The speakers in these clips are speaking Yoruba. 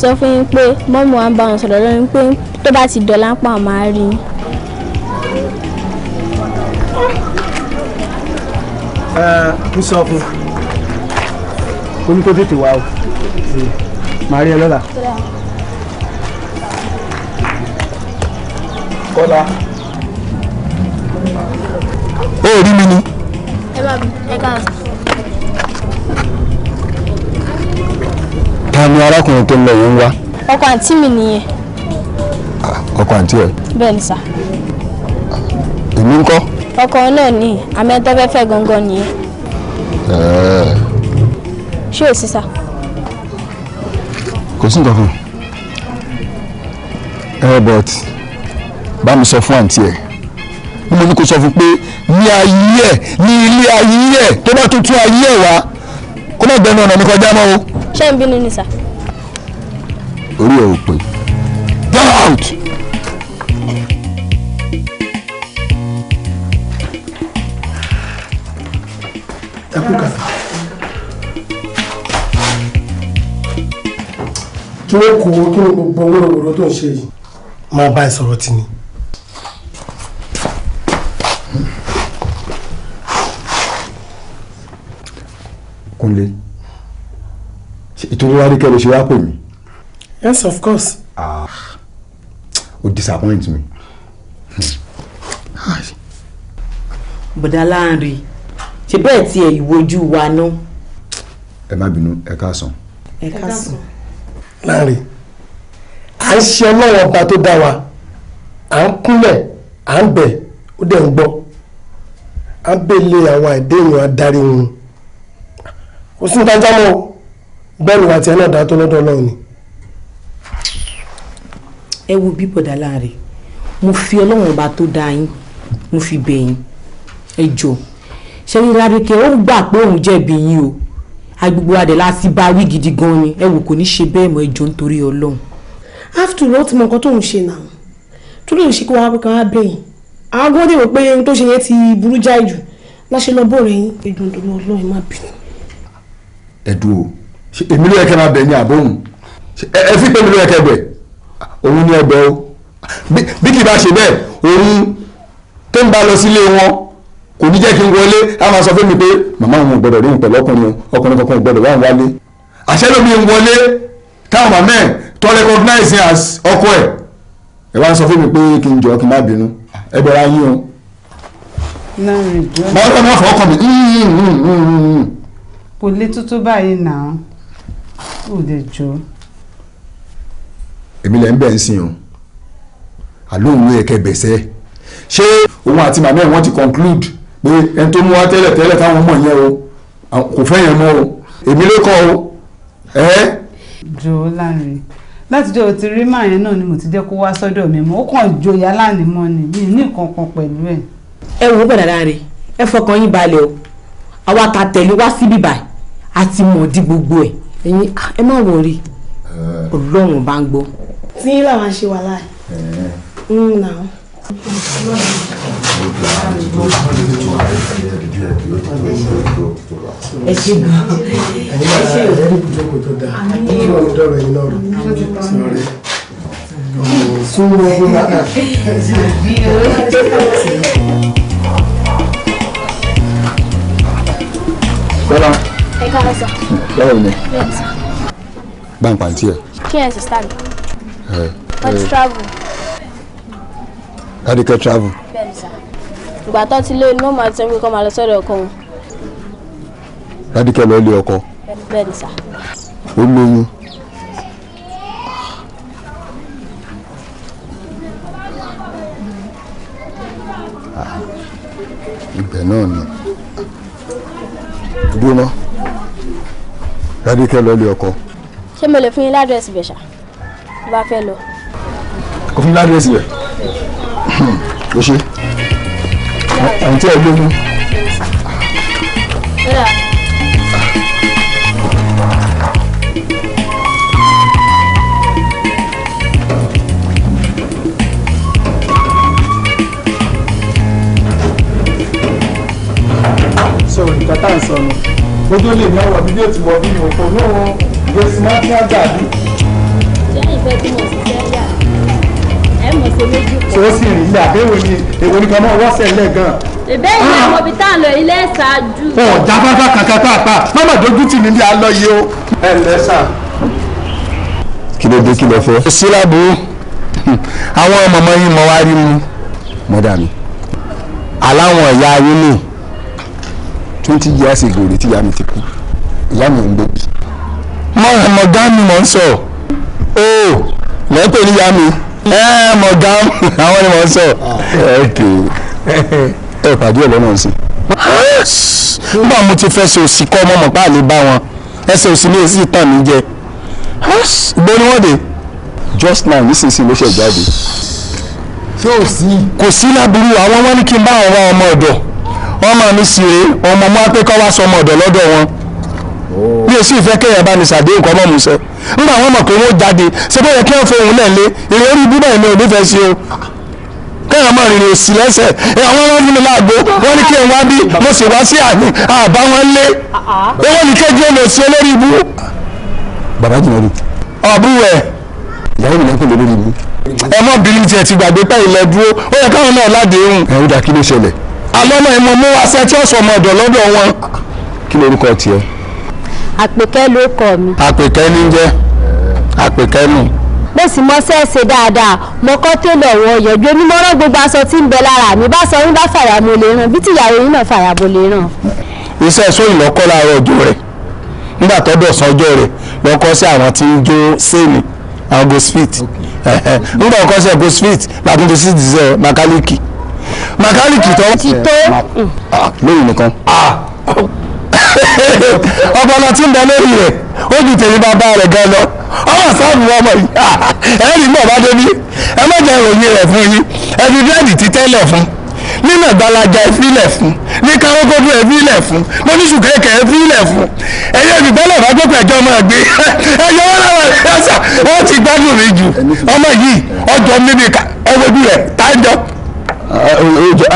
sọ fún yín pé mọ́mú wa ń bá wọn sọ̀rọ̀ lórí pé tó bá ti dọ̀lá ń pa màá rí i. ẹ ń sọ fún un ó ní kó tètè wá o màá rí ẹ lọ́la. kọ́lá. ó rí mi ni. ẹ bá mi ẹ káàsán. ta ni arákùnrin tó ń lọ yìí ń wá. ọkọ àǹtí mi nìyẹn. Ah, ọkọ àǹtí ẹ. bẹ́ẹ̀ ni sà. èmi ń kọ́. ọkọ náà ni àmẹ́tọ́ fẹ́ fẹ́ gangan nìyẹn. Eh. ṣé o sì sà. kò sí nǹkan kan ẹ eh, but bá mi sọ fún àǹtí ẹ mo ní kó sọ fún pé ní ayé ẹ ní ilé ayé ẹ tó bá tuntun ayé ẹ wá kó má gbẹnu ọ̀nà mi kọjá mọ́ o ṣé ń bínú ni sà. orí ẹ̀ ò pè get out. ẹ kú kàtà. kí ló kù ó kí ló gbogbo owó òwúrọ̀ tó ń ṣe yìí. máa bá ẹ sọ̀rọ̀ tì ní. Kúnlé ìtòrí wa rí kẹ́ ló ṣe wá pè mí. yes of course. ah o disappoint me. bọ̀dá láàrin ṣe bẹ́ẹ̀ tiẹ̀ ìwojú wa náà. ẹ má bínú ẹ káàsán. ẹ káàsán. láàrin à ń ṣe ọlọ́wọ́ ọba tó dá wa à ń kúnlẹ̀ à ń bẹ̀ ó dẹ̀ ń gbọ́ à ń bèlè àwọn àìdéhùn adarí wọn kò sí ní tájámọ́ o bẹ́ẹ̀ ni àti ẹ̀ náà dá lọ́dọ̀ ọlọ́run ni. ẹ wo bí bọ̀dá láàrin mo fi ọlọ́run ọba tó dá yín mo fi bẹ̀ yín ẹ jọ ṣẹ́yìn ládùúkẹ́ ó gbà pé òun jẹ̀bi yín o agbègbè adẹ̀ láti bá wí gidi gan ni ẹ wò kò ní ṣe bẹ́ẹ̀ mọ́ ẹ nítorí ọlọ́run. after all ti mọ nǹkan tó ń ṣe náà tó lè ṣe kí wàá kan á bẹ̀yìn àwọn gbọ́dọ̀ pé ohun tó ṣe yẹn ti burú jáì jù láṣẹ lọ bọ̀rẹ̀ yín ẹ̀dùn ìdùnnú ọlọ́run má bínú. ẹ̀dùn o èmi ló yẹ kẹ́ máa bẹ̀ ní àbóhùn ẹ fi pé mi ló yẹ kẹ́ bẹ̀ òun ni ẹbẹ̀ o bí kì í bá ṣe bẹ́ẹ̀ òun tó ń bá lọ sílé wọn kò ní jẹ́ kí n wọlé á máa sọ fún mi pé màmá òun ò gbọ́dọ̀ rí òun pẹ̀lú ọkùnrin ọkùnrin kankan ò gbọ́dọ̀ wá òun wálé àṣẹ lómi ń wọlé táwọn màmá ẹ̀ tó recognize as ọkọ ẹ̀ ẹ wá ń sọ fún mi pé kí n jọ kí n má bínú ẹ bẹ̀rẹ̀ ayé o máa ń fọwọ́ kàn mí. kò lè tuntun báyìí náà ò lè jọ. èmi lẹ ń bẹ̀ ń sìn o àlóhùn ló yẹ kẹ bẹ̀sẹ̀ ṣé òun àti màmá ẹ̀ wọ́n ti conclude pé ẹni tó mú wa tẹ́lẹ̀ tẹ́lẹ̀ táwọn ọmọ yẹn o kò fẹ́ yẹn mọ́ o èmi ló kọ́ o ẹ́. jọ̀ọ́ láàrin látijọ́ ti rí màá yẹn náà ni mo ti jẹ́ kó wá sọ́dọ̀ mi mọ́ ó kàn joyà lánìí mọ́ ni mi ní nǹkan pẹ̀lú ẹ̀. ẹ wò ó bẹ̀rẹ̀ láàrin ẹ fọkàn yín balẹ̀ o àwa ta tẹ̀lé wá síbí báyìí a ti gbogbo ẹ̀ ẹ̀yin ah, ẹ má wọrí eh. ọlọ́run bá ń gbọ́. tí yín làwọn ṣe wà láì. ń eh. mm, nà ó. ẹ eh, ṣe gan. ẹ ṣe o. ẹni ìjókòó tó dáa ọjọ́ ọjọ́ rẹ̀ iná rẹ̀ sọ̀rọ̀ súnmọ́ ọdún náà. Bọ́lá ẹ káàárọ̀ sà. báwo ni. bá ń pa àǹtí ẹ. kí ẹ sì stand. wọ́n ti travel. kádìkẹ́ travel. bẹ́ẹ̀ni sà ìgbà tó ti lé inú màá ti sọ pé kọ́ máa lọ sọ́dọ̀ ọkọ wọn. kádìkẹ́ lọ ilé ọkọ. bẹ́ẹ̀ni sà. ó lóyún. Ah, ibẹ̀ náà ni gbóná dádé kẹ́ lọ ilé ọkọ. ṣé mo lè fún yín ládírẹ́sì bẹ̀ ṣá tó bá fẹ́ lọ. kò fún ládírẹ́sì bẹ̀ o ṣe àwọn tí ẹ gbógun. so nǹkan tá à ń ojú lè ní ọ̀rọ̀ bí yóò ti wọ bí òkò lóhun ìwé smarty àgbàdì. ṣé ìfẹ́ tí mo ṣiṣẹ́ yà ẹ̀ mọ̀ sí méjì pọ̀. tó sì rí ilé àbẹ̀wò ni èwo ni kan mọ́ wọ́sẹ̀ lẹ̀ gan. ìbẹ́ ìlú ah! àwọn ibi tá à ń lọ ilé ṣáájú. ọ̀ jáfáfá kankan pàápàá mọ́mọ́ dojú tì mí bí a lọ yìí o. ẹ ǹlẹ́ sà. kí ló dé kí ló fẹ́. síláàbù àwọn ọmọ ọmọ yín mọ wá rí mu mọ́dà mi aláwọn ẹ̀yà ayé nìyí twenty years ago rèé tí ìyá mi ti kú ìyá mi ò ń bèbí. mọ̀gá mi mọ̀ ń sọ o lẹ́pẹ̀ níyà mi mọ̀gá àwọn ni mọ̀ ń sọ. ẹ pàdé ẹ̀ lọ́nà sí. nígbà mo ti fẹ́ ṣe òsì kọ́ ọmọ mọ̀pá àlè bá wọn ẹsẹ̀ òsì ní èsì tàn mí jẹ gbọ́ ni wọ́n dé just now nísinsìnyí ló ṣe jáde. ṣé ò sí. kò sí láburú àwọn wọn ní kí n bá àwọn ọmọ ọ̀dọ̀ ọmọ mi sì rè ọmọ mọ́ pé kọ́ wá sọmọ ọ̀dọ̀ lọ́dọ̀ wọn bí o sì fẹ́ kéèyàn bá ní sàdé nǹkan mọ́ musẹ́ nígbà wọn mọ̀ pé wọ́n jáde ṣé bẹ́ẹ̀ yẹ kí wọ́n fohùn náà lé èrè orí ibú bẹ́ẹ̀ ni ò nífẹ̀ẹ́ sí o kéèyàn mọ̀ rìnrìn òsì lẹ́sẹ̀ àwọn wọn fún mi láàgbo wọn ní kí n wá bí mo sì wá sí àmì àbá wọn lé owó ní kéèjì èlò sí olórí ibú. bàbá jìnnà rí. ọ̀bùrù ẹ̀ ìyàwó mi lẹ́kọ̀ọ́ lórí ibú. ẹ mọ̀ bínú tiẹ̀ ti gbàgbé pẹ́ ilẹ̀ dúró ó yẹ káwọn náà ládéhùn. ẹ̀ ó dà kí ló ṣẹlẹ̀ alọ́mọ ẹ̀mọ mú wá sẹ́ ọmọ ọ̀dọ̀ lọ́dọ̀ wọn. kí lorúkọ tiẹ̀. àpèkẹ́ ló kọ mi. àpèkẹ́ ní jẹ́ àpèkẹ́ nù. mo sì mọ sẹ́ dáadáa mo kọ́ tó lọ gbogbo aṣọ tí ń bẹ lára mi bá sọ yín bá lè ràn bí tìyàwó yín náà lè ràn. iṣẹ́ lọ́kọ́ láàárọ̀ ọjọ́ rẹ̀ nígbà tọ́dọ̀ rẹ̀ lọ́kọ́ sí àwọn mẹkáníìkì tó. ti ah lóyún nìkan. Ah. ọpọlọ tí ń bẹ lórí rẹ̀ ó ju tèmi bàbá rẹ̀ gan lọ ọmọ sáàmù ọmọ yìí ah, ẹ̀rí mọ̀ bá débi ẹ má jẹ́ ìròyìn rẹ̀ fún yín ẹ fi bẹ́ẹ̀dì ti tẹ́lẹ̀ fún nínú ìgbàlajà ìfilẹ̀ fún ní kárókòdú ìfilẹ̀ fún lóníṣù kéèké ìfilẹ̀ fún ẹ̀yẹ ìbíbọ́lẹ̀ ìbágbókò ẹ̀jọ́ máa gbé ẹ̀yẹ wọn làwọn ẹ̀ṣà wọ́n ti gbádùn mi jù ọmọ yìí ọjọ́ níbi ẹ̀wọ́ bí rẹ̀ tájọ́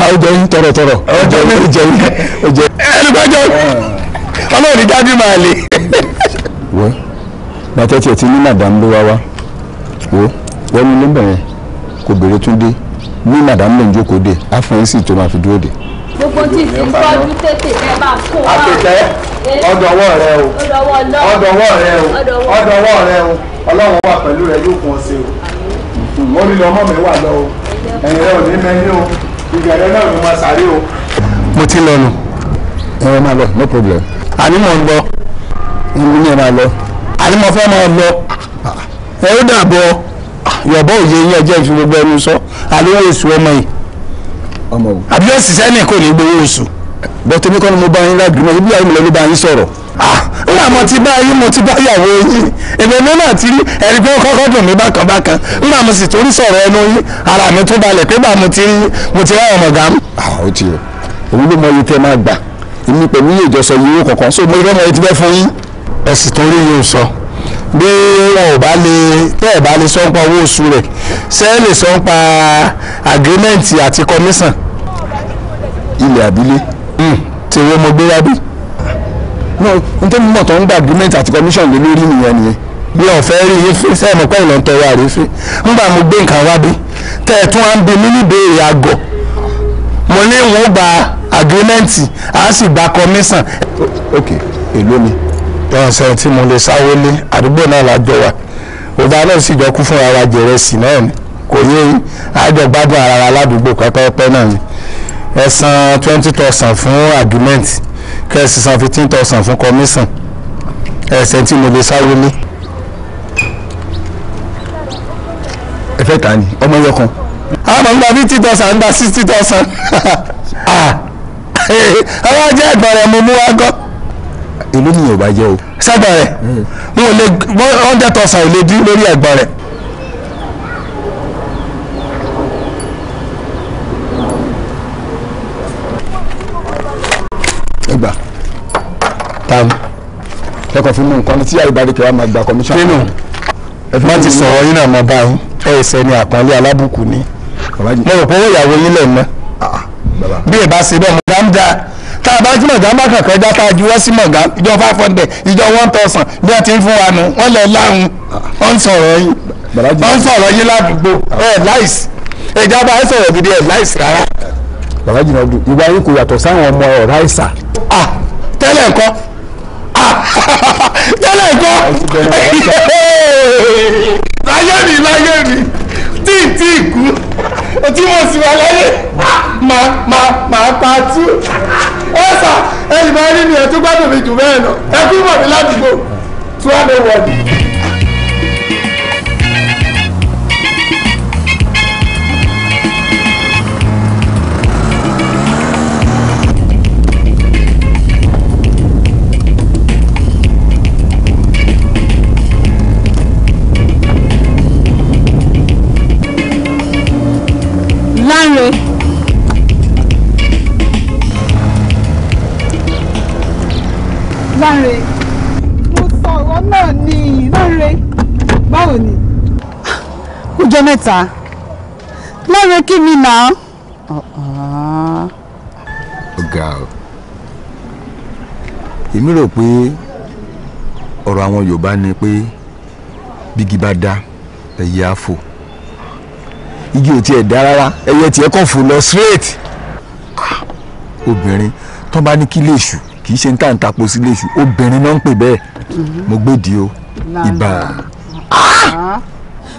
Ọjọ yín tọ̀rọ̀tọ̀rọ̀ ọjọ́ yín jẹ yín ọjọ́. ẹnubájọ ah. máa le. wọ́n bàtẹ́ tiẹ̀ ti ní màdàm ló wá wá wo wọ́n kò tún dé ní jókòó dé tó máa fi dúró dé. gbogbo tí tètè ẹ kó wá. ọdọwọ ọdọwọ rẹ o ọdọwọ wọ́n o ẹ̀yìn rẹ ò ní o ìgbẹ̀rẹ̀ náà ló máa sáré o. mo ti lọ ẹ ẹ máa lọ no problem. àní mò ń lọ ìlú ni ẹ máa lọ àní mo fẹ́ máa lọ ẹ ó dàbọ̀ yọ̀bọ̀ òye yín ẹjẹ́ ìfi gbogbo ẹnu sọ àlówó oṣù ọmọ yìí àbí ọ̀sísẹ́ ní kò ní gbowó oṣù bọ́tẹ́mí kọ́ni mo bá yín ládùúgbò ibi àyè mi lọ́ọ́ ló bá yín sọ̀rọ̀ nígbà mo ti bá yín mo ti bá yàwó yín èmi mi náà ti rí ẹni pé ó kọ́kọ́ dùn mí bákan bákan nígbà mo sì torí sọ̀rọ̀ ẹnu yín ara mi tó balẹ̀ pé bá mo ti rí mo ti rá ọmọ gàm. Ah, ó ti yẹ òun ló mọ iye tẹ máa gbà èmi pẹ̀lú iye ìjọsọ yìí kọ̀ọ̀kan so mo rí ọmọ yìí ti bẹ́ fún yín. ẹ sì torí yóò sọ bí wọn ò bá lè tẹ́ ẹ̀ bá lè sọ nípa owó oṣù rẹ̀ ṣé ẹ lè sọ nípa agreement àti commission. ilẹ̀ àbílẹ̀ hmm, tí wọ́n mọ gbé wá bí n tó mọ̀ tó ń gba agreement àti commission lé lórí nìyẹn nìyẹn bí ọ̀fẹ́ rí iye fi sẹ́yìn mọ̀ pé ìlànà tẹ̀wá rí fi nígbà mo gbé nǹkan wá bí tẹ́ ẹ̀ tún wá ń bi mí níbèrè àgọ̀ mo ní wọ́n gba agreement a sì gba commission. ok èló ni ìrànṣẹ́ tí mo lè sáwó lé àdúgbò náà lájọ wa òdà náà sì jọ kú fún ara jẹrẹsì náà ni kò yé àjọ gbádùn ara aládùúgbò pẹ́pẹ́pẹ́ náà ni ẹ san twenty thousand fún agreement kẹ́sì san fifteen thousand fún commission ẹsẹ̀ tí mo lè sáré lé. ẹ fẹ́ ta ni ọmọ ẹyọ kan. àwọn ọmọ fifty thousand ń da sixty thousand. àwọn ah! ajá ẹ̀gbọ́n rẹ̀ mo mú wá gọ́. èmi nìyẹn ò bá jẹ́ o. sẹ́gbọ̀n rẹ̀ hmm. mo lè one hundred thousand ò lè dín lórí ẹ̀gbọ́n rẹ̀. báwo. kẹkọọ fún mi nǹkan tí àyíbáde kẹwàá máa gba commission. nínú má ti sọ̀rọ̀ yín náà mọ́ báyìí ẹ ẹsẹ̀ ni àpọ́nlé alábùkù ni mo rò pé owó ìyàwó yín lẹ̀ mọ́ bí ẹ bá ṣe bẹ́ẹ̀ mọ̀gá ń da tá a bá jí mọ̀gá bá kàkọ́ dá tá a juwọ́ sí mọ̀gá ìjọ five hundred ìjọ one thousand bí wọ́n ti ń fún wa nu wọ́n lẹ̀ láhùn wọ́n ń sọ̀rọ̀ yín wọ́n ń sọ̀rọ̀ yín ládùúgbò ẹ̀ láìsí ẹ̀já bá ń sọ̀rọ̀ gidi ẹ̀ láìsí rárá. bàbá jìnnà ọdún ìwà yín kò yàtọ̀ sáwọn ọmọ ọ̀rá ìsà. tẹ́lẹ̀ nǹkan tẹ́lẹ̀ kọ́ láyé mi láyé mi tí tí kú tí mo sì wà láyé màá màá màá pa tú ẹ sà ẹ̀yìn máa rí mi ẹ̀ tó gbádùn mi jù bẹ́ẹ̀ lọ ẹ kú mọ̀ mi ládùúgbò tí wọ́n lè wọ̀ mí. Láre mo sọ̀rọ̀ náà ni Láre báwo ni. kújọ mẹ́ta Láre kí mi nà án. ọ̀gá o èmi rò pé ọ̀rọ̀ àwọn Yorùbá ni pé bígi bá dá ẹyẹ á fò igi ò tiẹ̀ dá rárá ẹyẹ tiẹ̀ kàn fò lọ straight ah, obìnrin tó bá ní kí lè ṣù kì í ṣe ń tà ń tapo sílé sí obìnrin náà ń pè bẹ́ẹ̀ mhm. mo gbèdì o ibà. Ah!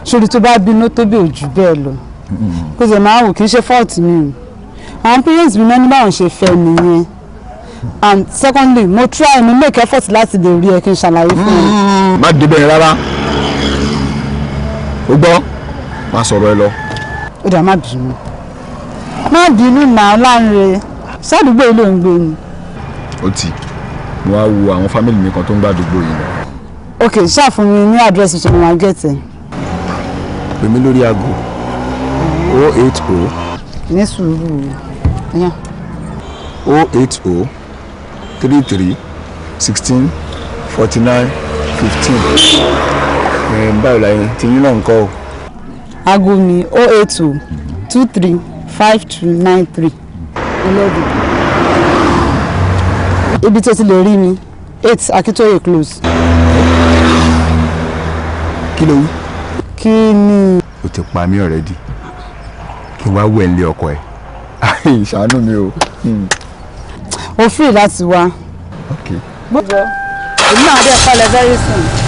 sori tó bá bínú tó bí òjú bẹ́ẹ̀ lọ mm-hmm. kó sì máa wò kì í ṣe fọ́ọ̀tì mi o àwọn parents mi náà ní báwọn ṣe fẹ́ nìyẹn and secondly mo try mi make effort láti lè rí ẹ kí n ṣàlàyé fún ẹ. Mm-hmm. má débẹ̀ yẹn rárá o gbọ́ má sọ̀rọ̀ ẹ lọ. ó dà má bínú má bínú nà ọ́ láǹre sádùúgbò ilé òǹgbẹ ni ó ti mo wá wo àwọn fámìlì mi kan tó ń gbàdúgbò yìí. ok ṣáà mi ní àdírẹ́sì ṣe máa gẹ̀tẹ̀. pè mí lórí aago o eight o. ní sùúrù yẹn. o eight o three three sixteen forty nine fifteen. báwo la yẹn ti yín náà ń kọ́ o. aago mi o eight o two three five two nine three. olódùn ibi tó ti lè rí mi eight Akitoye close. kí ló wí. kí ni. o ti pa mí already kí wàá wẹ̀ nílé ọkọ ẹ̀ ṣàánú mi o. Hmm. o free láti wá. ok. bó jọ èmi náà dé palẹ̀ very soon.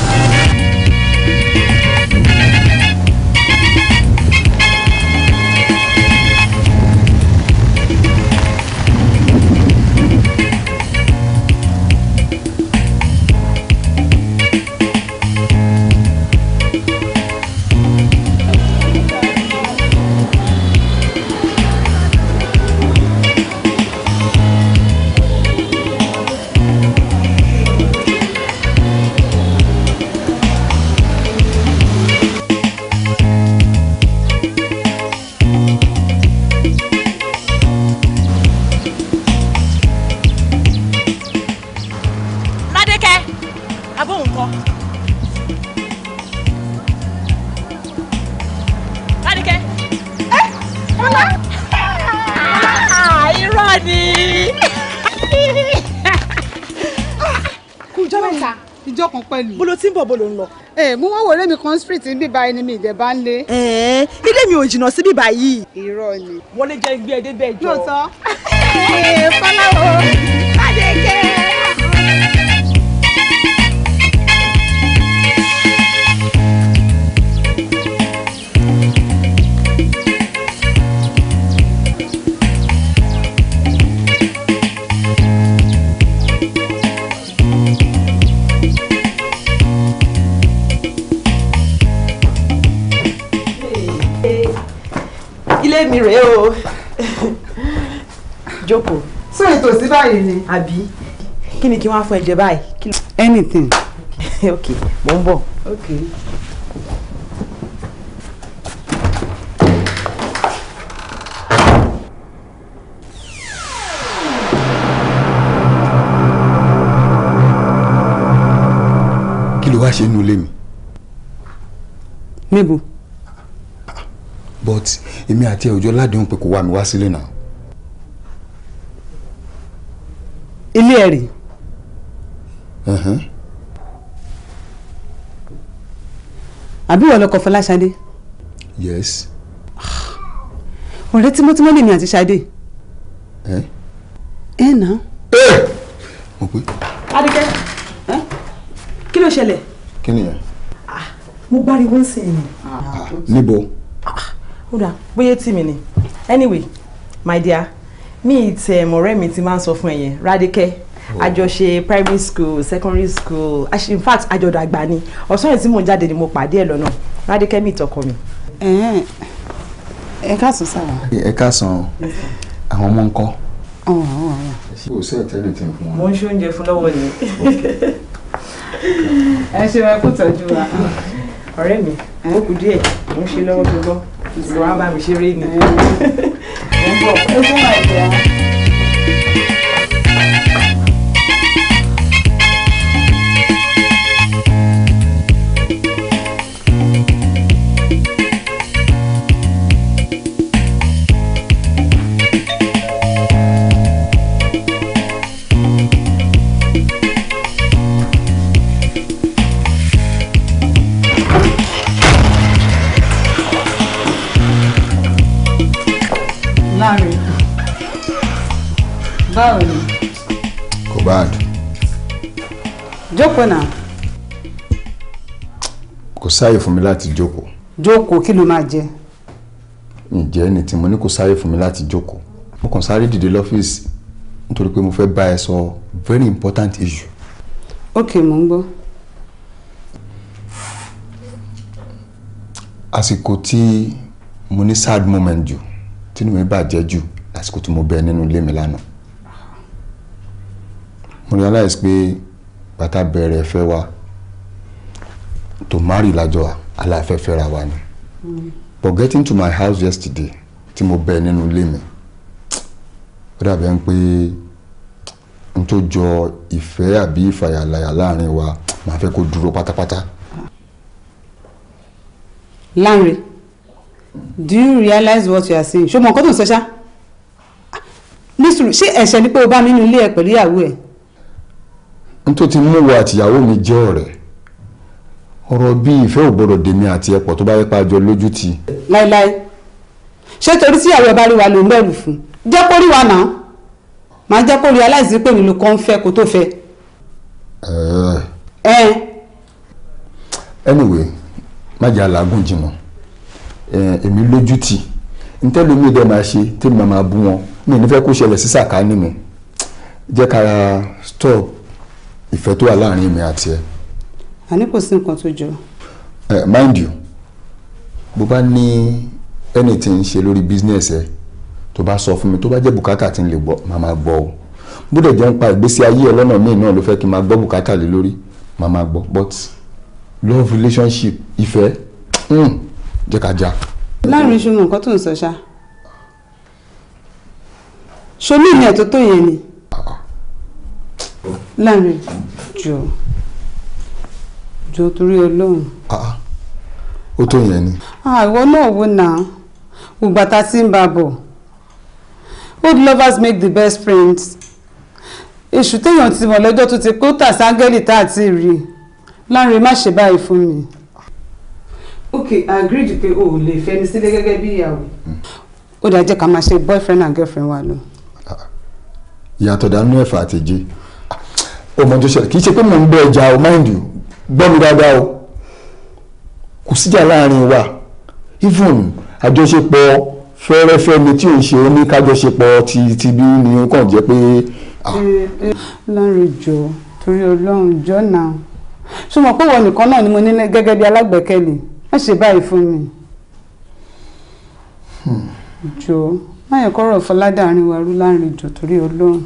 bó ló ń lọ. ẹ mú wọn wọlé mi kan street ń bíbá ẹni mi ìdẹ̀bá ń lé. ẹ ilé mi ò jìnnà sí bíbá yìí. irọ́ ni. wọlé jẹ́ gbé ẹdẹ bẹ́ẹ̀ jọ. yóò sọ. fọláwo fàdékẹ́. jókòó. sọ ètò sí báyìí ni. àbí kí ni kí wọ́n á fún anything. ok mò ń bọ̀. ok. kí ló wá ṣe nínú ilé mi. níbo. but èmi àti ẹ̀ òjò ládìhùn pé kò wá mi wá sílé náà. ilé ẹ̀ rè. àbí ìwọ lọkọ Fọláṣadé. yes. ọ̀rẹ́ tímọ́tímọ́ lèmi àti Ṣadé. ẹ na? nà. ẹ mo pé. Adékẹ́ kí ló ṣẹlẹ̀. kí ni yẹn. Ah, mo gbáriwo ń sìn yín. níbo. Ah, ó dà bóyá tì mí ni anyway my dear mi tẹ mọ̀rẹ́ mi ti máa ń sọ fún ẹ̀yẹn Rádìkẹ́ àjọṣe oh. primary school secondary school in fact àjọdàgbà ni ọ̀sán yìí tí mò ń jáde ni mo pàdé ẹ̀ lọ́nà Rádìkẹ́ mi tọkọ mi. ẹ káàsán sára. ẹ káàsán àwọn ọmọ ń kọ́. kò sí ẹ̀tẹ́lẹ̀ tí ń fún wọn. mo ń ṣe oúnjẹ fún lọ́wọ́ ni. ẹ ṣe máa kó tọ́jú wa. ọ̀rẹ́ mi ó kù díẹ̀ mo ń ṣe lọ́wọ́ gbogbo lọ́wọ́ bá mi ṣeré ni. ẹ ń bọ̀ ẹ fún àìjẹ́ báwo ni. kò bá a dùn. jókòó náà. kò sáàyè fún mi láti jókòó. jókòó kí ló máa jẹ. ǹjẹ́ ni tí mo ní kò sáàyè fún mi láti jókòó mo kàn sáré dìde lọ́fíìsì nítorí pé mo fẹ́ bá ẹ sọ very important issue. ok mo ń gbọ́. àsìkò tí mo ní sad moment jù tínú mi bàjẹ́ jù lásìkò tí mo bẹ nínú ilé mi lánàá mo realize pé bàtà bẹ̀rẹ̀ ẹ̀fẹ́ wa tó márì lájọ aláfẹ́fẹ́ ra wa ni but getting to my house yesterday tí mo bẹ̀ nínú ilé mi ó dàbẹ̀ ń pé n tó jọ ìfẹ́ àbí ìfàyàlàyà láàrin wa màá fẹ́ kó dúró pátápátá. Lanre do you realize what you are saying ṣé o mọ nǹkan tó ń sọ ṣá nísùrù ṣé ẹ̀ṣẹ̀ ni pé o bá mi nínú ilé ẹ̀ pẹ̀lú ìyàwó ẹ̀ n tó ti mú wo àtìyàwó mi jẹ́ ọ̀rẹ́ ọ̀rọ̀ bí ìfẹ́ ò gbọ́dọ̀ dèmi àti ẹ̀pọ̀ tó bá yẹ pa jọ lójú ti. láíláí ṣé torí tí ìyàwó ẹ bá rí wa ló ń bẹ̀rù fún jẹ́ kó rí wa náà máa jẹ́ kó rí aláìsí pé mi ló kàn ń fẹ́ kó tó fẹ́. anyway má jẹ́ alágùn jìmọ̀ èmi lójú ti ntẹ́lómi dẹ́ máa ṣe tí màmá bú wọn mi nífẹ̀ẹ́ kó ṣẹlẹ̀ sí sàkání mi jẹ́ kára stop ìfẹ́ tó wà láàrin mi àti ẹ. àní kò sí nǹkan tó jọ. ẹ mind you bó bá ní anything ṣe lórí business ẹ tó bá sọ fún mi tó bá jẹ́ bùkátà tí n lè gbọ́ màá máa gbọ́ o bó dẹ̀ jẹ́ ń pa ìgbésí ayé ẹ lọ́nà míì náà ló fẹ́ kí n máa gbọ́ bùkátà lé lórí màá máa gbọ́ but love relationship ìfẹ́ hmm, jẹ́ ká já. láàrin ìṣòro nǹkan tó ń sọ ṣá ṣomi ìyẹn tó tó yẹn ni láàrin jọ jọ torí ọlọ́run. Ah, ah. ó tó yẹn ni. Ah, ìwọ náà wò náà ìgbà tá a ti ń bá a bọ̀ old lovers make the best friends èṣù téèyàn ti mọ̀ lọ́jọ́ tó ti kó tà sángẹ́lì tá a ti rí láàrin má ṣe báyìí fún mi. ok i agreed pé o ò lè fẹ́ mi sílé gẹ́gẹ́ bí ìyàwó. ó dáa jẹ́ ká máa ṣe boyfriend and girlfriend wa lọ. ìyàtọ̀ dànù ẹ̀fà àti ọmọ tó ṣẹlẹ̀ kì í ṣe pé mò ń bẹ ẹja o mind you gbọ́ mi dáadáa o kò síjà láàrin wa even àjọṣepọ̀ fẹ́rẹ́fẹ́ mi tí ò ń ṣe ní kájọṣepọ̀ ti ti bí ni ó kàn jẹ́ pé. láàrin jọ torí ọlọ́run jọ náà ṣé mo pé wọn nìkan náà ni mo ní gẹ́gẹ́ bí alágbẹ̀kẹ̀lé má ṣe báyìí fún mi. jọ máyọ̀ kọ́rọ̀ fọládàárín wa rú láàrin jọ torí ọlọ́run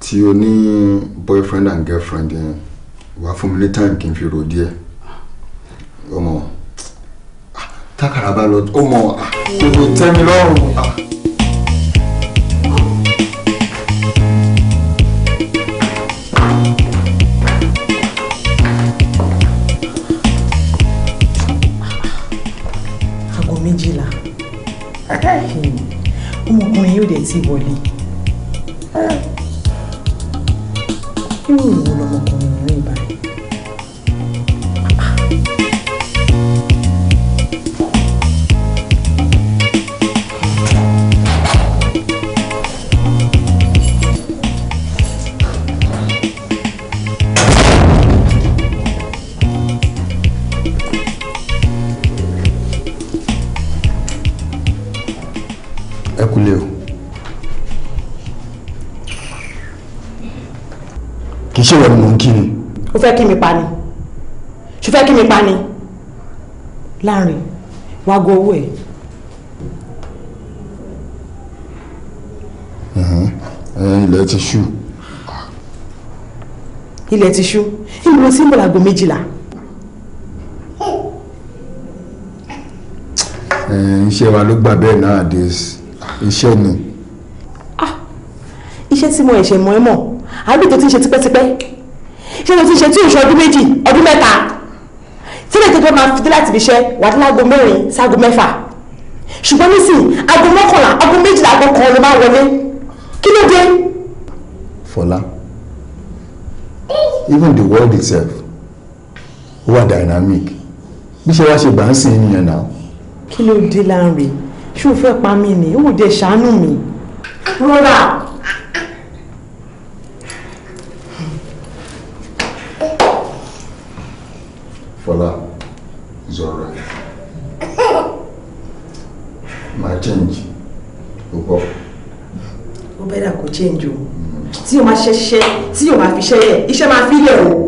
tí o ní boyfriend and girlfriend yẹn wàá fún mi ní time kí n fi rò díẹ̀ ọmọ tákàrà bá lọ ọmọ kò tẹ́ mi lọ́rùn. aago méjìlá ọmọkùnrin yóò dé tí wọlé. Mm. ṣé wọ́n mú kí ni. ó fẹ́ kí mi pa ni ṣe fẹ́ kí mi pa ni láàrin wágo owó ẹ̀. ilẹ̀ ti ṣú. ilẹ̀ ti ṣú ìlú ló sì méjìlá. iṣẹ́ wa ló gbà bẹ́ẹ̀ nowadays iṣẹ́ ni. Ah, iṣẹ́ tí mo ẹ̀ṣẹ̀ mọ̀ ẹ́ mọ̀ àbí tó ti ń ṣe tipẹ́tipẹ́ ṣé tó ti ń ṣe tí oṣù ọdún méjì ọdún mẹ́ta tí lè tẹ́tẹ́ máa fi dé láti fi ṣẹ́ wà ní láago mẹ́rin sáago mẹ́fà ṣùgbọ́n nísìnyí aago mọ́kànlá aago méjìlá aago kan ló máa wọlé kí ló dé. Fọlá even the world itself wà dynamic bí ṣe wá ṣe bá ń sìn ènìyàn náà. kí ló dé láàrin ṣé o fẹ́ pa mí ni ó wò dé ṣàánú mi rọra. change o tí o máa ṣẹṣẹ tí o máa fi ṣẹyẹ iṣẹ́ máa fi lẹ̀ o.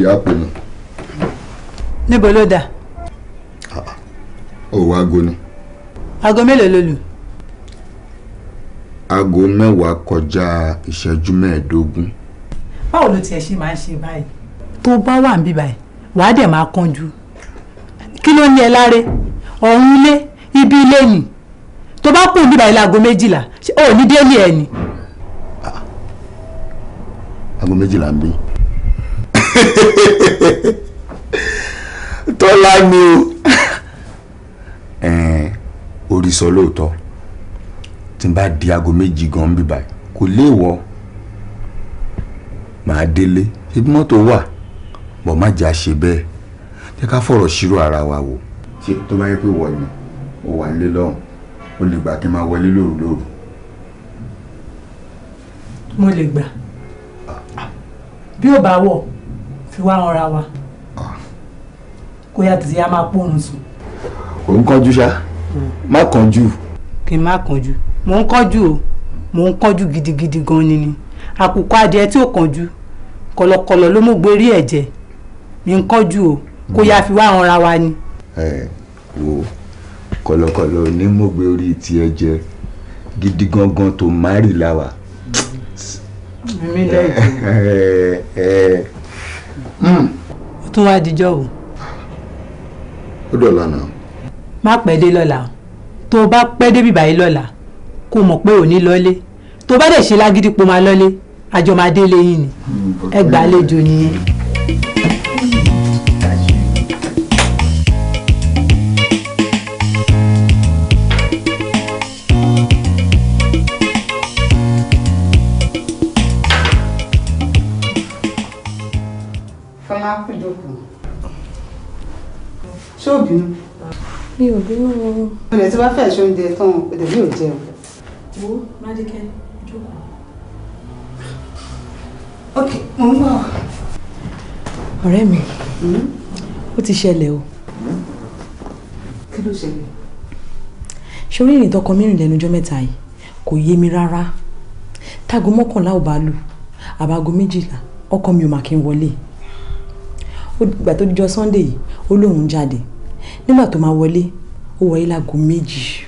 di àpò mu. níbo ló dà. òwò ah, ah. aago ni. aago mélòó ló lù. aago mẹ́wàá kọjá ìṣẹ́jú mẹ́ẹ̀ẹ́dógún. báwo ló tiẹ̀ ṣe máa ń ṣe báyìí. tó bá wà ń bí báyìí wàá dẹ̀ máa kánjú kí ló ń yẹ láre ọ̀run ilé ibi ilé nì tó bá kù níbà ilé aago méjìlá ò ní délé ẹ ni. Ah, aago méjìlá ń bí. tọ́lá ni o orí sọ lóòótọ́ tí n bá di aago méjì gan ń bíbá kò léèwọ̀ màá délé ibi mọ́tò wà bọ̀ má jà ṣe bẹ́ẹ̀ jẹ́ ká fọ̀rọ̀ ṣírò ara wa wò. ṣé tó bá yẹ pé wọ ni o wà nílé lọ́hùn o lè gbà kí n máa wọlé lóru lóru. mo lè gbà bí ó bá wọ̀ fi wá ọ̀ra wa kó yàtọ̀ sí a máa pòrùn sùn. ò ń kánjú ṣá hmm. má kánjú. kì í má kánjú mò ń kánjú o mò ń kánjú gidigidi gan ni ni àkùkọ adìẹ tí ò kánjú kọlọkọlọ ló mú gbérí ẹ̀ jẹ mi ń kánjú o kó yà fi ọ̀ra wa ni. ẹ wo kọlọkọlọ ní mo gbé orí tiẹ̀ jẹ gidi gangan tó má rí la wa. mi lẹ́yìn. Hmm. ó tún wá dijọ́ o. ó dọ̀la náà. má pẹ́ dé lọ́la tó o bá pẹ́ débi báyìí lọ́la kó o mọ̀ pé ò ní lọ́lé tó o bá dẹ̀ ṣe lágídí pò máa lọ́lé àjọ máa délé ni hmm, ẹ gbàlejò nìyẹn. ṣé ò bínú. mi ò bínú o. ọ̀rẹ́ tí wàá fẹ́ ṣe oúnjẹ tán òde mi ò jẹun. wo Ládékẹ́ jókòó. ok mo ń bọ̀. ọ̀rẹ́ mi hmm? ó ti ṣẹlẹ̀ o. Hmm? kí ló ṣẹlẹ̀. ṣorí ìrìn tọkọ mi rìn lẹ́nu ọjọ́ mẹ́ta yìí kò yé mi rárá tágo mọ́kànlá ò bá lù àbágo méjìlá ọkọ mi ò mà kí n wọlé ìgbà tó jọ Sunday yìí ó lóun jáde nígbà tó máa wọlé ó wọlé láago méjì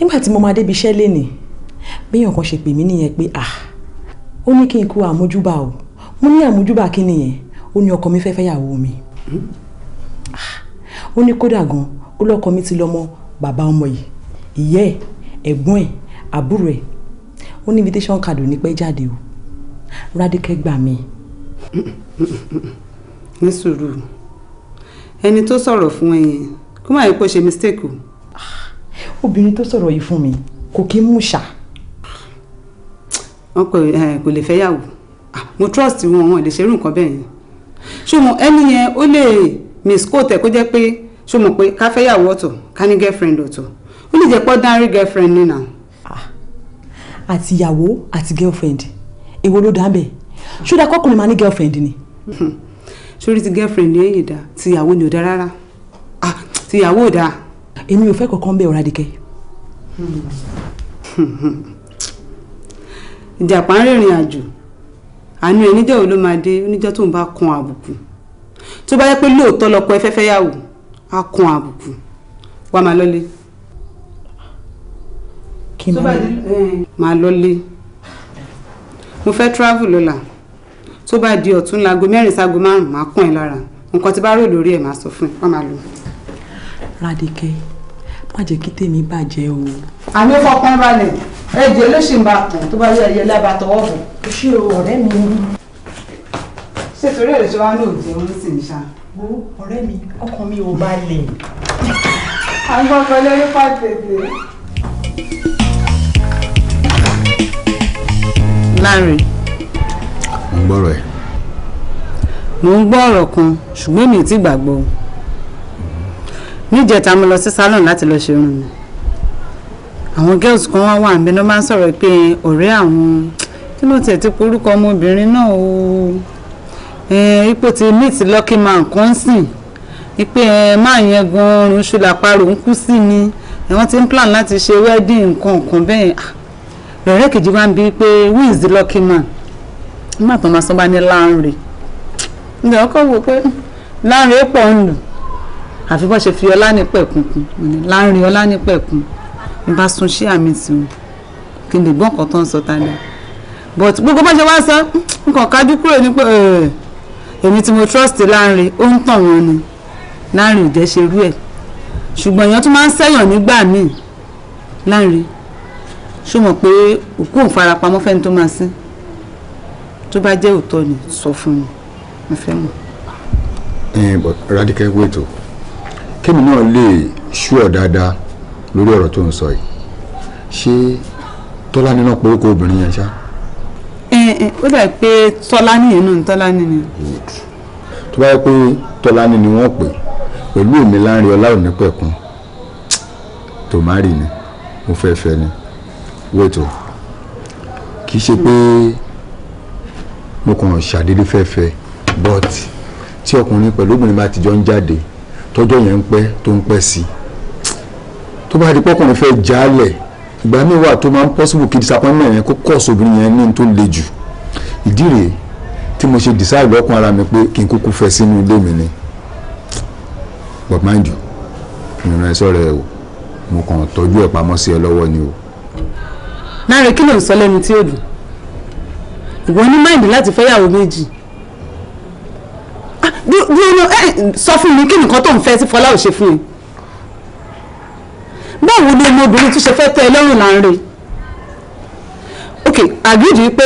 nígbà tí mo máa débi iṣẹ́ lénìí béèyàn kan ṣe pè mí nìyẹn pé à ó ní kí n kú àmójúbà o mo ní àmójúbà kí nìyẹn ó ní ọkọ mi fẹ́ fẹ́yàwó mi ó ní kódà gan ó lọ́kọ mi ti lọ́mọ bàbá ọmọ yìí ìyá ẹ̀ ẹ̀gbọ́n ẹ̀ àbúrò ẹ̀ ó ní invitation card ò ní pẹ́ jáde o Rádìkẹ́ gbà mí. ní sùúrù ẹni tó sọ̀rọ̀ fún ẹ yẹn kó má yẹ kó ṣe mistake o. Ah, obìnrin tó sọ̀rọ̀ yìí fún mi kò kí ń mú ṣá. wọn kò kò lè fẹ́ yàwó ah, mo trust wọn wọn lè ṣerú nǹkan bẹ́ẹ̀ yẹn ṣùgbọ́n ẹni yẹn ó lè misquote kó jẹ́ pé ṣùgbọ́n pé ká fẹ́ yàwó ọ̀tọ̀ ká ní girlfriend ọ̀tọ̀ ó lè jẹ́ pọ́ dánrí girlfriend nínà. Ah, àti ìyàwó àti girlfriend èwo ló dá ṣó dáa kọ́kùnrin máa ní girlfriend ni. Hmm sórí ti girlfriend yẹn yìí dá tìyàwó ni ò dá rárá ah tìyàwó ò dá. èmi ò fẹ́ kankan bẹ́ẹ̀ ọ̀rádìkẹ́. ìjàpá ń rìnrìn àjò àánú ẹ níjọ́ wo ló máa dé oníjọ́ tó ń bá kan àbùkù tó bá yẹ pé lóòótọ́ lọ́kọ ẹ fẹ́fẹ́ yàwó á kan àbùkù wá máa lọ́lé. kí n eh, máa lọ́lé. máa lọ́lé mo fẹ́ travel lọ́la tó bá di ọ̀tún láago mẹ́rin sáago márùn-ún máa kún ẹ lára nǹkan tí bá rò lórí ẹ̀ máa sọ fún ẹ wọ́n máa lò. Rádìkẹ́ má jẹ́ kí tèmi bàjẹ́ o. àmì fọkàn balẹ̀ ẹ̀jẹ̀ ló ṣì ń bá kàn tó bá yẹ ẹyẹ lába bọ̀. o ṣe ọ̀rẹ́ mi. ṣé torí èrè ṣe wá ní òjò ń sìn ṣá. wo ọ̀rẹ́ mi ọkàn mi ò balẹ̀. àgbọ̀ngàn lórí pàtẹ́tẹ́. láàrin ń gbọ́rọ̀ ẹ̀. mo ń gbọ́ ọ̀rọ̀ kan ṣùgbọ́n mi ò tí gbàgbọ́ níjẹta mo lọ sí salon láti lọ ṣerun mi àwọn girls kan wá wà mí ló máa ń sọ̀rọ̀ pé ọ̀rẹ́ àwọn kí ló tiẹ̀ ti porúkọ ọmọbìnrin náà o ipò ti meet lucky man kan sìn ipe máa yẹn gan-an ọrùn ṣùlà parò ń kú sí ni wọ́n ti ń plan láti ṣe wedding nǹkan kan bẹ́ẹ̀ lọ́rẹ́ ah, kejì wá ń bi pé who is the lucky man nígbà tó máa sọ bá ní láńre ǹjẹ́ ọkọ̀ wò pé láńre pọ̀ ń lù àfi bọ́ ṣe fi ọlá ní pẹ̀kúnkún láńre ọlá ní pẹ̀kún ní bá sun ṣé àmì sí wọn kí n lè gbọ́ nǹkan tó ń sọ tani but gbogbo bá ṣe wá sọ nǹkan kájú kúrò ní pé èmi tí mo trust láńre ó ń tàn wọn ni láńre ò jẹ́ ṣe rú ẹ̀ ṣùgbọ́n èèyàn tún máa ń sẹ́yàn nígbà míì láńre ṣó mọ̀ pé òkú òǹfarapamọ́ fẹ́ni tó máa sin tó bá jẹ́ òótọ́ ni sọ fún mi mo fẹ́ mọ̀. ẹ but Radike wait o kémi náà lè ṣú ọ dáadáa lórí ọ̀rọ̀ tó ń sọ yìí ṣé tọ́lá nínú orúkọ obìnrin yẹn ṣá. ẹ ẹ ó dà pé tọ́lá nìyẹn náà tọ́lá nìyẹn. tó bá yẹ pé tọ́lá ni ni wọ́n pè pẹ̀lú èmi láàrin ọlá òní pẹ̀kun tòmárì ni mo fẹ́ fẹ́ ni wait o kì í ṣe pé. Mm mo kàn ṣàdédé fẹ́fẹ́ but tí ọkùnrin pẹ̀lú obìnrin bá tijọ́ ń jáde tọ́jọ́ yẹn ń pẹ́ tó ń pẹ́ sí i tó bá di pọ́kùnrin fẹ́ jálẹ̀ ìgbà míì wà tó máa ń possible kí disappointment yẹn kó kọ́ọ̀sì obìnrin yẹn ní tó le jù ìdí rèé tí mo ṣe decide lọ́kàn ara mi pé kí n kúkú fẹ́ sínú ilé mi ni but mind you ìrìnà ẹ̀sọ́ rẹ̀ o mo kàn tọ́jú ẹ̀ pamọ́ sí ẹ lọ́wọ́ ni o. láàrin kí ló ń sọ lẹ́nu tí ó dùn ìwọ ní máìdì láti fẹ́yàwó méjì ah, sọ fún mi kí nìkan tó ń fẹ́ tí Fọlá ò ṣe fún un báwo ni ọmọbìnrin tún ṣe fẹ́ tẹ́ ẹ lọ́rùn láńre ok àgbèjì pé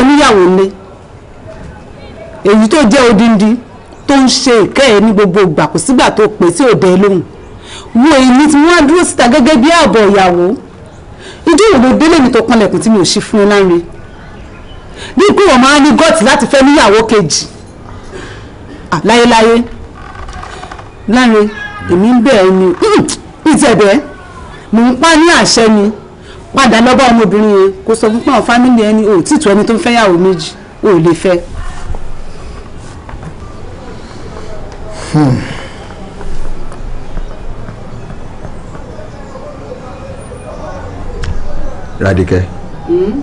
oníyàwó lé èyí tó jẹ́ odindi tó ń ṣe ìkẹ́ ẹ ní gbogbo ìgbà kò sígbà tó pè sí òde lóhùn wo èmi tí wọ́n á dúró síta gẹ́gẹ́ bí ààbọ̀ ìyàwó ìdí òwe délé mi tó kanlẹ̀kùn tí mi ò ṣí fún un láńre dípò wọn máa ní gọ́ọ̀tì láti fẹ́ níyàwó kejì láyéláyé láre èmi ń bẹ̀ ẹ́ ni ìtẹ̀bẹ̀ hmm, mò ń pa ní àṣẹ ni padà lọ́bọ̀ ọmọbìnrin yẹn kó sọ fún pàwọn fámìlì ẹni ò tìtù ẹni tó ń fẹ́yàwó méjì ò lè fẹ́. Radike. Mm?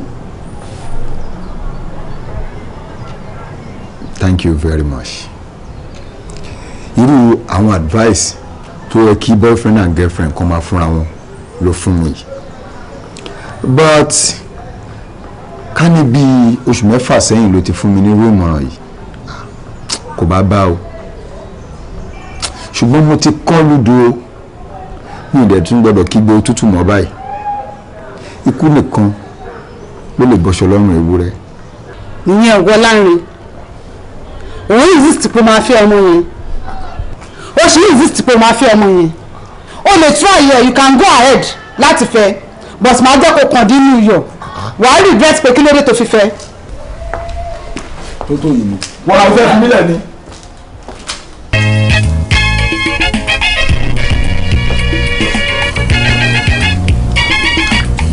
thank you very much irú àwọn advice tó yẹ kí boyfriend and girlfriend kan máa fúnra wọn ló fún mi but ká ní bí oṣù mẹ́fà sẹ́yìn ló ti fún mi ní irú ìmọ̀ràn yìí kò bá bá o ṣùgbọ́n mo ti kọ́ lùdó mi ò dẹ̀ tún gbọ́dọ̀ kígbe òtútù mọ́ báyìí ikú nìkan ló lè bọ́ṣọ lọ́rùn ewúrẹ́. ìyẹn ọ̀gọ́ láàrin insist pé máa fẹ́ ọmọ yẹn o ṣì insist pé máa fẹ́ ọmọ yẹn o lè try yẹ you can go ahead láti fẹ́ but máa jẹ́ kó continue yọ wàá regret pé kí ló dé tó fi fẹ́. tó tó yìí mọ. wọn làwọn fẹ́ fi mílẹ̀ ni.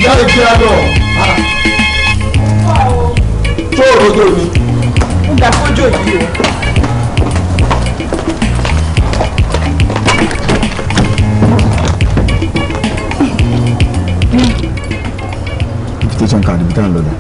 jáde kí a lọ tó o rojo mi. ó gbà fọ́jọ́ yìí o. tán lọ́dà.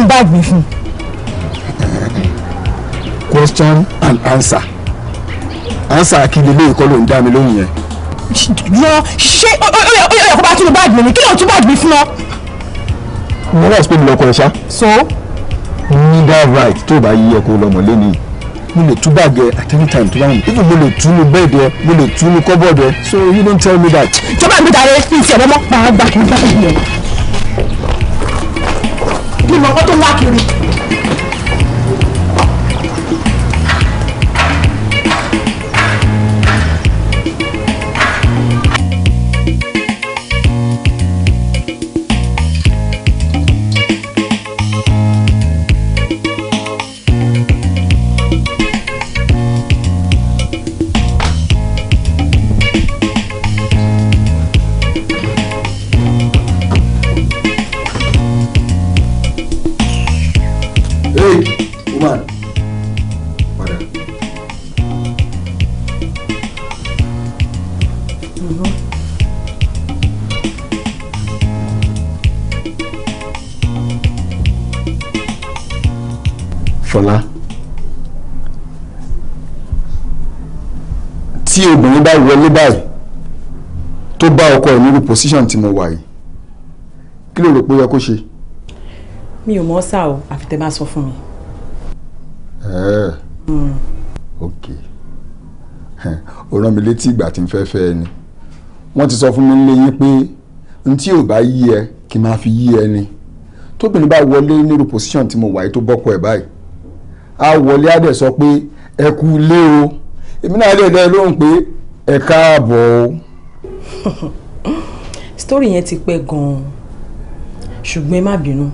mú báàgì mi fún. question and answer answer kí lè lóye kọ́ ló ń dá mi lóhùn yẹn. yọ ṣé ó yẹ kó bá tún báàgì mi ni kí lóò tún báàgì mi fún ọ. mo rẹ̀ pé mi lọ kọ ẹ ṣá. so. ní that right tó o bá yí ẹ kó lọmọ lẹ́nu mo lè tú báàgì ẹ at any time tó bá wù mí mo lè tú nu bẹ́ẹ̀dì ẹ mo lè tú nu kọ́bọ̀dì ẹ so you don't tell me that. jọba mi dàrẹ́ ní ìfẹ́ mọ́mọ́ máa gbà kí n bá mi yẹ bímọ wọn tó wá Fọlá tí obìnrin bá wọlé báyìí tó bá ọkọ ẹ̀ nírú position tí mo wà yìí kí ló rò pé ó yẹ kó ṣe. mi ò mọ̀ ṣá o àfi tẹ́ bá sọ fún mi. ẹ̀ẹ́ hmm. ok ó rán mi létí ìgbà tí n fẹ́ fẹ́ ẹni wọ́n ti sọ fún mi lẹ́yìn pé n tí ò bá yí ẹ kí n máa fi yí ẹni tóbìnrin bá wọlé nírú position tí mo wà yìí tó bọ́kọ ẹ̀ báyìí á wọlé á dẹ̀ sọ pé ẹ kú lé o èmi náà dẹ̀ dẹ́ lóhùn pé ẹ káàbọ̀ o. sítórì yẹn ti pẹ́ gan-an ẹ má bínú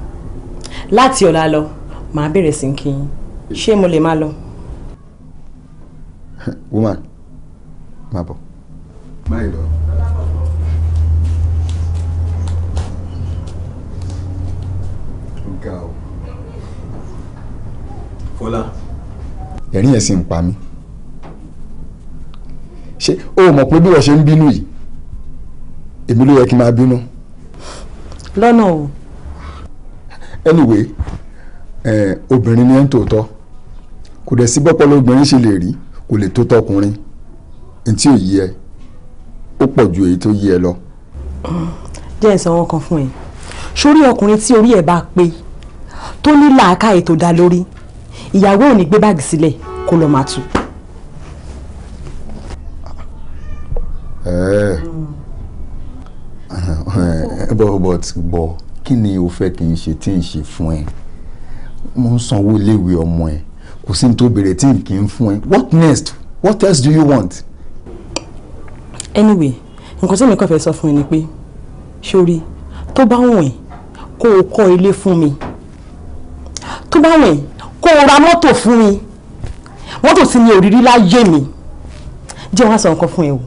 láti ọ̀la lọ màá bẹ̀rẹ̀ sí kí n ṣé mo lè má lọ. woman má bọ̀ báyìí lọ. Kọ́lá. ẹ̀rín yẹn sì ń pa mí ṣé o mọ̀ pé bí wọ́n ṣe ń bínú yìí èmi ló yẹ kí n máa bínú. lọ́nà o. anyway eh, obìnrin ni ẹ̀ ń tòótọ́ kò dẹ̀ sí bọ́pọ̀ lóbìnrin ṣe lè rí kò lè tó tọkùnrin ntí ò yí ẹ ó pọ̀ ju èyí tó yí ẹ lọ. jẹ́ ẹ̀ sọ wọn kan fún ẹ sórí ọkùnrin tí orí ẹ̀ bá pé tó ní làákàyè tó dá lórí ìyàwó ò ní gbé báàgì sílẹ̀ kó lọ́ọ́ máa tú. Eh. Eh, but but but kí ni o fẹ́ kí n ṣe tí n ṣe fún ẹ mo ń sanwó léwe ọmọ ẹ kò sí ní tó béèrè tí n kì í fún ẹ what next what else do you want. anyway nǹkan tí èmi kàn fẹ́ sọ fún ẹ ni pé sórí tó bá wọ̀n ẹ́ kó o kọ́ ilé fún mi tó bá wọ̀n kó o ra mọ́tò fún mi mọ́tò tí mi ò rí rí láyé mi jẹ́ wá sọ nǹkan fún ẹ o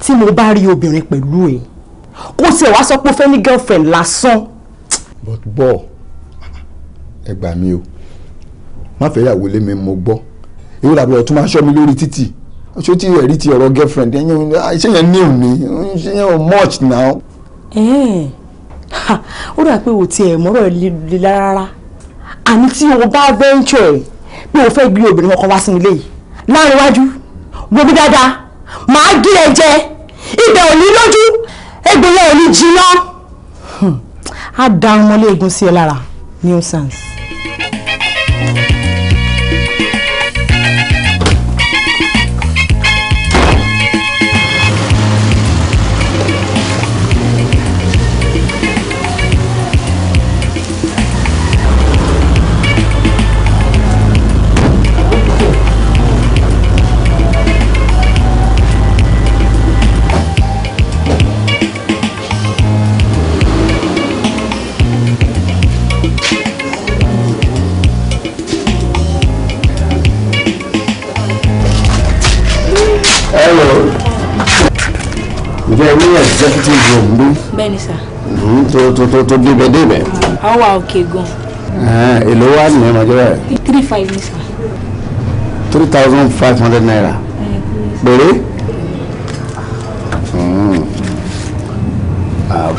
tí mo bá rí obìnrin pẹ̀lú ẹ kó tiẹ̀ wá sọ pé ó fẹ́ ní girlfriend lásán. but bọ́ ẹ gbà mí o má fẹ́ yàwó lé mi mo gbọ́ èyí làbúrò tún máa ṣọ́ mi lórí títì ṣó tí ẹ̀rí ti ọ̀rọ̀ girlfriend ẹ̀yìn ṣé yẹn ní òní ṣé yẹn ò much now. ó dà pé ò tiẹ̀ mọ́rọ̀ lè rárá àní tí o bá venture ẹ̀ pé o fẹ́ gbé obìnrin kankan wá sínú ilé yìí láàrin iwájú gbogbo dáadáa màá gé ẹ jẹ ibẹ̀ ò ní lójú egbòyẹ ò ní jiná á da ọmọlé egun sí ẹ lára nuisance. bẹ́ẹ̀ ní executive room bí. bẹ́ẹ̀ni sà. Hmm, tó tó tó tó débẹ̀ débẹ̀. a wà òkè gan. Eh, èlò wa ní ọjọ́ rẹ̀. three five ni sà. three thousand five hundred naira. Eh, péré. Hmm. Ah.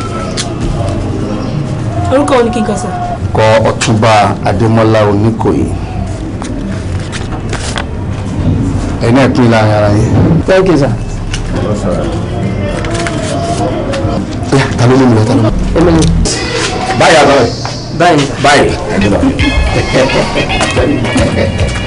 orúkọ oníkíkọ sà. kọ ọ̀túnba adémọlá oníkòyí. ẹni ẹ pín láàrin ara yín. thank you sir ta ló lè mi lọ ta ló. báyìí àbáyé. báyìí. báyìí.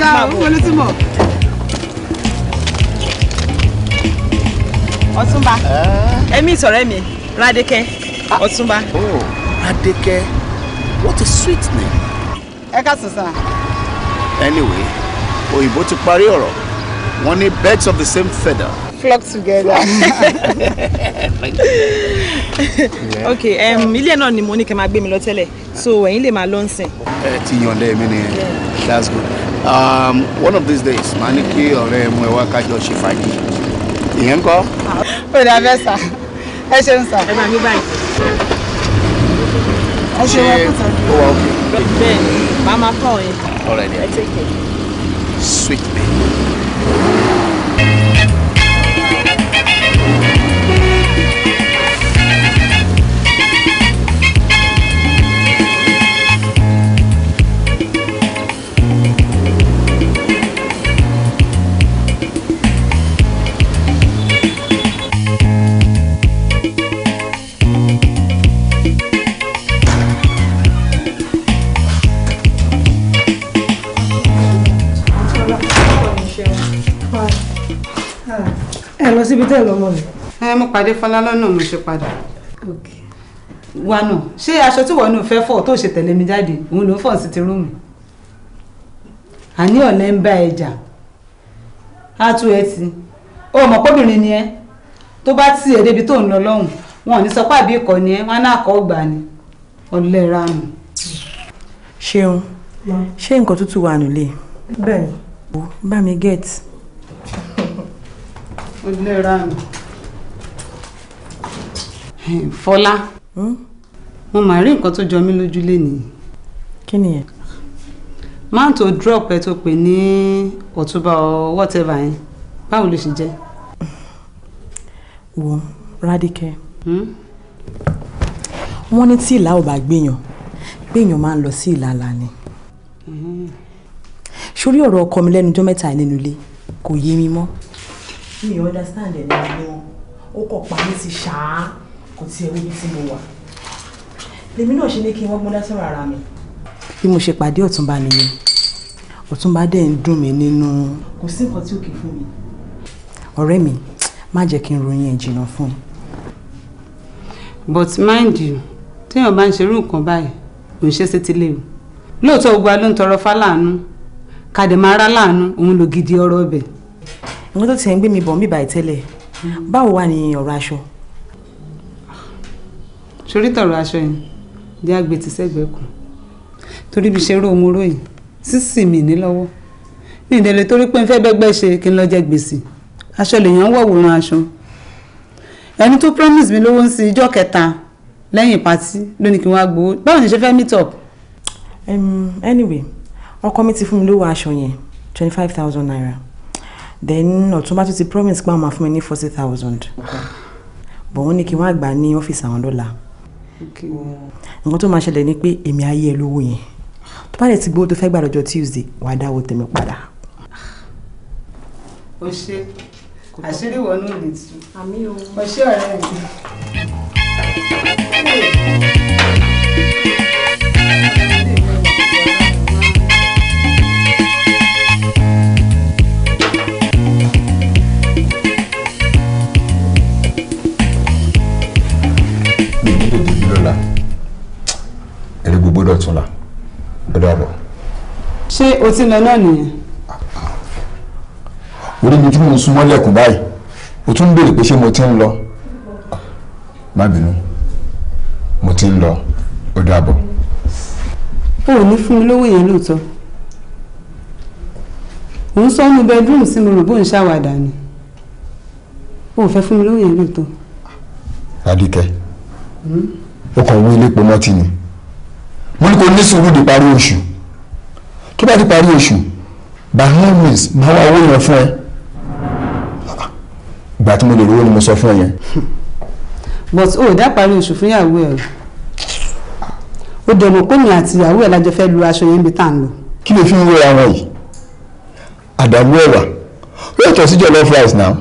ga o wọlé tí mọ̀. ọ̀túnba èmi ìsọ̀rẹ́ mi Rádékẹ́ ọ̀túnba. Rádékẹ́ what a sweet name. ẹ ká sùn anyway òyìnbó ti parí ọ̀rọ̀ wọ́n ní birds of the same feather. flock together. yeah. ok ilé náà ni mo ní kẹ́ máa gbé mi lọ tẹ́lẹ̀ so ẹ̀yin lè máa lọ ń sìn. ẹ ti yànjẹ mi nìyẹn that's good um, one of these days màá ní kí ọ̀rẹ́ mu ẹ̀ wá kájọ ṣe fàájì ìyẹn kọ́. ó dà bẹ́ẹ̀ sà ẹ ṣe ń sà. ẹ máa mi báyìí. ẹ ṣe wá kúta. ó wà ókè. bẹ́ẹ̀ màá máa kọ ọ yẹn. ọ̀rẹ́ ni ẹ sweet baby. mo pàdé fọlá lọ́nà mo ṣe padà. wa ṣé aṣọ tí wọn nù fẹ́ tó ṣe tẹ̀lé mi jáde òun ló ń sí ti rúùmù. àní ọ̀lẹ́ ń bá ẹ jà tú ẹ ti ó mọ̀ pọ́bìnrin ni ẹ tó bá tì ẹ débi tó ń lọ lọ́hùn wọn ò ní sọ pé àbí ikọ̀ ni ẹ wọn á náà kọ́ ọgbà ni ọ̀lẹ́ ranù. ṣeun ṣé nǹkan tútù wà nílé. bẹ́ẹ̀ bá mi get. ọ̀lẹ́ ranù. Fọlá hmm? mo mà rí nǹkan tó jọ mí lójú lénìí. kí ni yẹn. máa tó drop ẹ tó pè ní ọ̀túnba or whatever yẹn báwo ló ṣe jẹ́. wo Rádìkẹ́ hmm? wọ́n ní tí ìlà ò bá gbéyàn gbéyàn máa ń lọ sí ìlàlà ni. Hmm. sórí ọ̀rọ̀ ọkọ mi lẹ́nu ọjọ́ mẹ́ta nínú ilé kò yé mi mọ́. mi ò understand ẹ̀ ní ìlú ó kọ̀ pa mí ti ṣáá kò tiẹ̀ wíbi tí mo wà lèmi náà ṣe ní kí n wọ́n gbóná sọ̀rọ̀ ara mi. bí mo ṣe pàdé ọ̀túnba nìyẹn ọ̀túnba dẹ̀ ń dùn mí nínú. kò sí nǹkan tí ò kì í fún mi. ọ̀rẹ́ mi má jẹ́ kí n ròyìn ẹ̀ jìnnà fún un. but mind you téèyàn bá ń ṣerú nǹkan báyìí kò ń ṣe sétí léwu lóòótọ́ gbogbo ló ń tọrọ fáláàánú kàdé máa láàánú òun ló ọ̀rọ̀ ọbẹ̀. ìwọ́n tó ti ń gbé mi bọ̀ ń bíbà ìtẹ́lẹ̀ hmm. báwo wà ní ọ̀rọ̀ aṣọ sórí tọ̀rọ̀ aṣọ yẹn jẹ́ àgbè tí sẹ́gbẹ̀ẹ́ kù torí bí ṣe ró mo ró yìí sísì mi ní lọ́wọ́ ní ìdẹ̀lẹ̀ torí pé n fẹ́ bẹ́gbẹ́ ṣe kí n lọ jẹ gbèsè aṣọ lèèyàn wọ̀ wòran aṣọ ẹni tó promise mi lówó ń sin ijọ́ kẹta lẹ́yìn pátí lónìí kí wọ́n á gbowó báwo ni ṣe fẹ́ meet up. anyway ọkọ mi ti fún mi lówó aṣọ yẹn twenty five thousand naira then ọ̀túnba tó ti promise pé àwọn máa fún mi ní forty thousand but wọ́n ní kí wọ́n á gbà ní ọ́fíìsì àwọn dọ́là nǹkan tó máa ṣẹlẹ̀ ni pé èmi ayé ẹ lówó yẹn tó bá dẹ̀ ti gbowó tó fẹ́ gbà lọ́jọ́ Tuesday wà á dáwọ́ tèmi padà. o ṣe àṣírí wọnú lè tú o ṣe ọ̀rẹ́ mi. èrè gbogbo dọ̀tún la ó dàbọ̀. ṣé o ti lọ náà nìyẹn. orí mi tí mo ń sun mọ́lẹ̀kùn báyìí o tún ń béèrè pé ṣé mo ti ń lọ má bínú mo ti ń lọ ó dàbọ̀. o ò ní fún mi lówó yẹn lóòótọ́ òun sọ́nu bedroom sí mi rò bó ń ṣàwàdà ni o ò fẹ́ fún mi lówó yẹn lóòótọ́. adìkẹ́ o hmm? kàn wí ilé pọ́nmọ́tì ni. Mm? mo ní kó ní sùúrù di parí oṣù tó bá di parí oṣù by all means máa wá owó yẹn fún ẹ ìgbà tí mo lè rówó ni mo sọ fún ẹ yẹn. but o dá parí oṣù fún ìyàwó ẹ o dẹ̀ mọ̀ pé mi àti ìyàwó ẹ̀ lájọ fẹ́ lu aṣọ yẹn bí tá à ń lò. kí ló fi ń wé ara yìí àdàlú ẹ̀wà lóòótọ́ sí jollof rice náà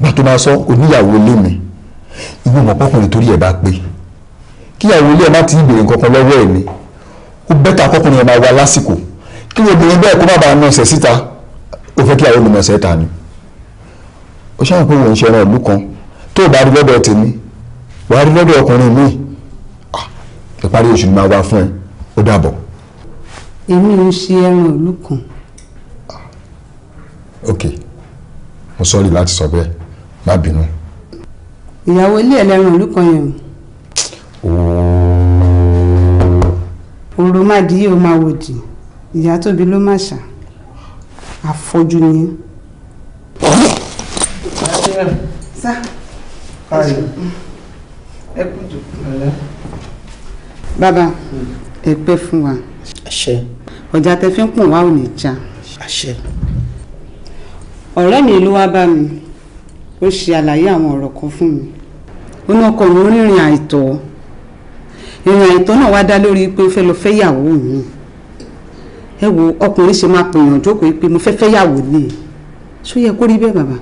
gbà tó máa sọ oníyàwó lé mi ìwé pọ́kùnrin torí ẹ̀ bá pé kíyàwó ilé ẹ má ti ìbèrè nǹkan kan lọ́wọ́ ẹ̀ ni ó bẹ́tà kọkùnrin ẹ̀ máa wá lásìkò kí obìnrin bẹ́ẹ̀ kó má bàa nà ọ̀sẹ̀ síta ó fẹ́ kíyàwó mi nà ọ̀sẹ̀ ta ni ó ṣáà pé òun ṣẹran ìlú kan tó o bá rí lọ́dọ̀ tèmi wàá rí lọ́dọ̀ ọkùnrin mi ìparí oṣù ni máa wá fún ẹ ó dàbọ̀. èmi ò ṣe ẹran ìlú kan. ok mo sọ́ọ̀rì láti sọ bẹ́ẹ̀ má bínú. ìyàwó ilé ẹlẹ́ran ìlú kan yẹn o ọ̀rọ̀ má di yìí ó máa wòdì ìyá tóbi ló má ṣà àfọ́jú ni. bàbá hmm. ẹ pẹ́ fún wa ọjà tẹ fi ń pọ̀n wá ò já ọ̀rẹ́ mi ló wá bá mi ó ṣe àlàyé àwọn ọ̀rọ̀ kan fún mi ó ní ọkọ mi ó àìtọ́ ìrìn àìtọ́ náà wá dá lórí pé ó fẹ́ lọ fẹ́yàwó òun ẹ wo ọkùnrin ṣe máa pèèyàn jókòó pé mo fẹ́ fẹ́yàwó ni ṣó yẹ kó rí bẹ́ẹ̀ bàbá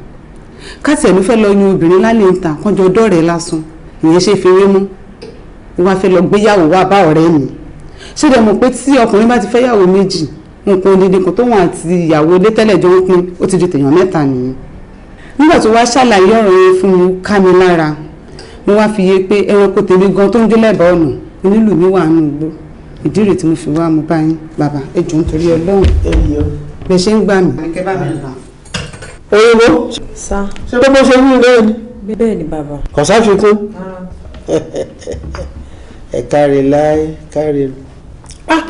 káàtì ẹ̀mí fẹ́ lọ yun obìnrin lálẹ́ ń ta kánjọ dọ́ọ̀rẹ́ lásán ìyẹn ṣe fèrè mú wọ́n á fẹ́ lọ gbéyàwó wá bá ọ̀rẹ́ mi ṣé dẹ̀ mọ̀ pé tí ọkùnrin bá ti fẹ́yàwó méjì nǹkan odidi kan tó wọn àti ìyàwó ilé tẹ́lẹ̀ jọ pín ó ti di tèèyàn mẹ́ta nìyẹn nígbà tó wá ṣàlàyé ọ̀rọ̀ yẹn fún mi ká mi lára mo wá fi yé pé ẹranko tèmi gan tó ń gbé lẹ́bàá ọ̀nà onílù mi wà nù gbó ìdí rẹ̀ tí mo fi wá mo bá yín bàbá ẹ jọ̀ọ́ nítorí Ọlọ́run bẹ ṣe ń gbà mí. oyinbo ṣé bó ṣe wí lóyún. bẹ́ẹ̀ ni bàbá. kọ̀sá fi kún ẹ káre láé káre ah!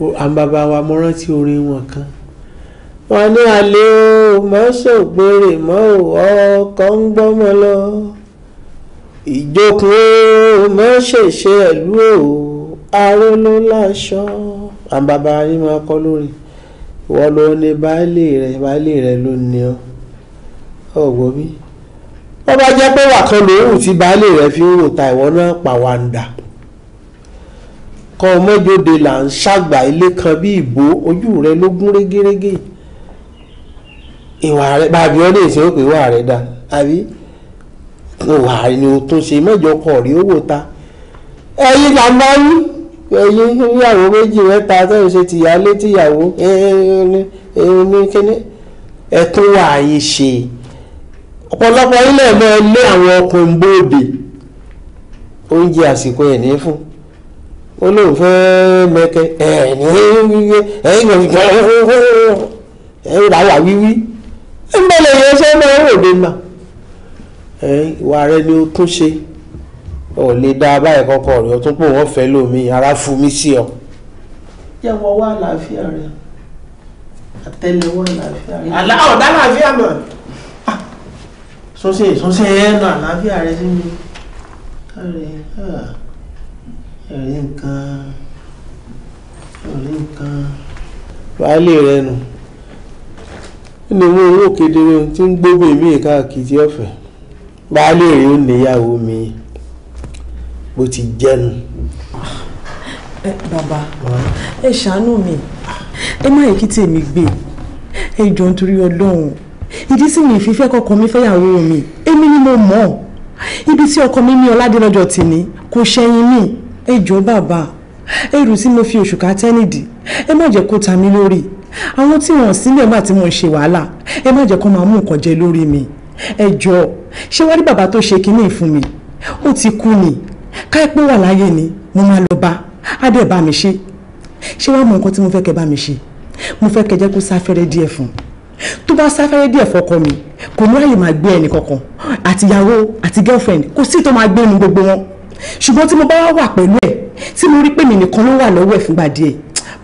àwọn bàbá wa mo rántí orin wọn kan wọn ní alẹ́ o mọ́ sọ̀gbọ́n rè mọ́ ò ọkọ̀ ń gbọ́mọ lọ ìjókòó mọ́ṣẹ̀ṣe ẹ̀lú o arónú láṣọ àbàbà yín máa kọ́ lórí ìwọ ló ní baálé rẹ baálé rẹ ló ní ọ ọgbọ́n mi wọ́n bá jẹ́ pé wà kan lòun tí baálé rẹ fi ń wò ta ìwọ náà pàwàǹdà kan ọmọdéode là ń ṣàgbà ilé kan bí ìbò ojú rẹ ló gún régérégé ìwà rẹ bàbí ọ́ lè ṣe ó pé ìwà rẹ dá àbí wà ní o tún ṣe mẹ́jọ kọ rí owó ta ẹ̀yin là máa ń ẹ̀yin níyàwó méjì mẹ́ta tẹ́lẹ̀ ṣe tìyálé tìyàwó ní kíní ẹ̀tún wà yìí ṣe ọ̀pọ̀lọpọ̀ ilé ẹ̀mọ́ ilé àwọn ọkùnrin bóde oúnjẹ àsìkò ẹ̀ ní fún ó lóun fẹ́ mẹ́kẹ́ ẹ̀ ní ẹ̀yìn ẹ̀yìn ìlàwà wíwí ẹ̀ ń bẹ̀rẹ̀ yẹn ṣẹ́ mọ́ òde náà. ìwà rẹ ni ó tún ṣe ò lè dá a báyìí kọ́kọ́ rẹ̀ ó pò ara fún mi sí ọ. jẹ́wọ́ wá àlàáfíà rẹ̀ àtẹlẹwọ́ àlàáfíà rẹ. àlá ọ̀dá àlàáfíà mọ̀ ah! ẹ̀ àlàáfíà sí mi ah! nǹkan nǹkan. baálé rẹ nù kedere tí ń ọ̀fẹ́. baálé rẹ̀ ó níyàwó mi bó ti jẹ́nu. ẹ bàbá ẹ ṣàánú mi ẹ má èkí tèmi gbé ẹ jọ nítorí ọlọ́run ìdí sì mi ìfífẹ́ kọkàn mi fẹ́yàwó mi èmi ni mo mọ̀ ibi tí ọkọ mi ní ọládé lọ́jọ́ tìní kò ṣẹ̀yìn mi ẹ jọ bàbá ẹrù tí mo fi òṣùká tẹ́nìdì ẹ má jẹ́ kó ta mi lórí àwọn tí wọ́n sílẹ̀ má tí mo ń ṣe wàhálà ẹ má jẹ́ kó máa mú nǹkan jẹ lórí mi ẹ jọ̀ọ́ ṣé wàá rí bàbá tó ṣe kínní fún mi ó ti kú ni káyọ̀ pé wà láyé ni mo máa lọ bá á dẹ̀ bá mi ṣe ṣé wàá mọ nǹkan tí mo fẹ́ kẹ́ bá mi ṣe mo fẹ́ kẹ́ jẹ́ kó sáfẹ́rẹ́ díẹ̀ fún tó bá sáfẹ́rẹ́ díẹ̀ fọkọ mi kò ní àyè máa gbé ẹnì kankan àtìyàwó àti girlfriend kò sí tó máa gbé nu gbogbo wọn ṣùgbọ́n tí mo bá wá wà pẹ̀lú ẹ̀ tí mo rí pé mi nìkan ló wà lọ́wọ́ ẹ̀ fúngbà díẹ̀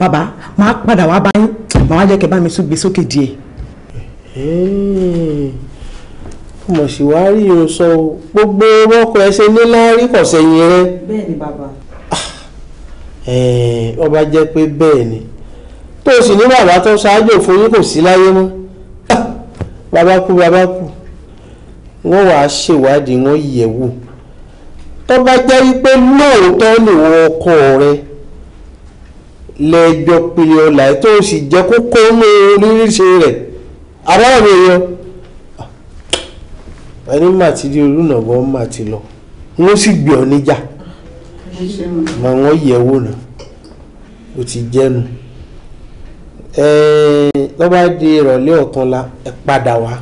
bàbá máa padà wá báyìí màá wá jẹ́ kẹ́ bá mi tún gbé sókè díẹ̀ mo sì wá rí irun sọ gbogbo ọkọ ẹ ṣe lé láárí kò sẹ́yìn rẹ. bẹ́ẹ̀ bàbá. ọba ah, jẹ́ pé bẹ́ẹ̀ tó o sì ní bàbá tó ṣáájú òfin yín kò sí láyé mọ́ ah, bàbá kú bàbá kú wọ́n wàá ṣèwádìí wọ́n yẹ̀ wò tó bá jẹ́ wípé lóòótọ́ lòun ọkọ rẹ lẹ́ẹ̀jọ́ pé ọ̀la tó o sì jẹ́ kókó ní oríṣi rẹ̀ àbáwọ̀ èèyàn ẹni mà ti di olùnàbọ mà ti lọ wọn sì gbé ọ níjà mà wọn yẹ wò ná o ti jẹnu lọ́ba di ìrọ̀lẹ́ ọ̀túnla ẹ padà wá.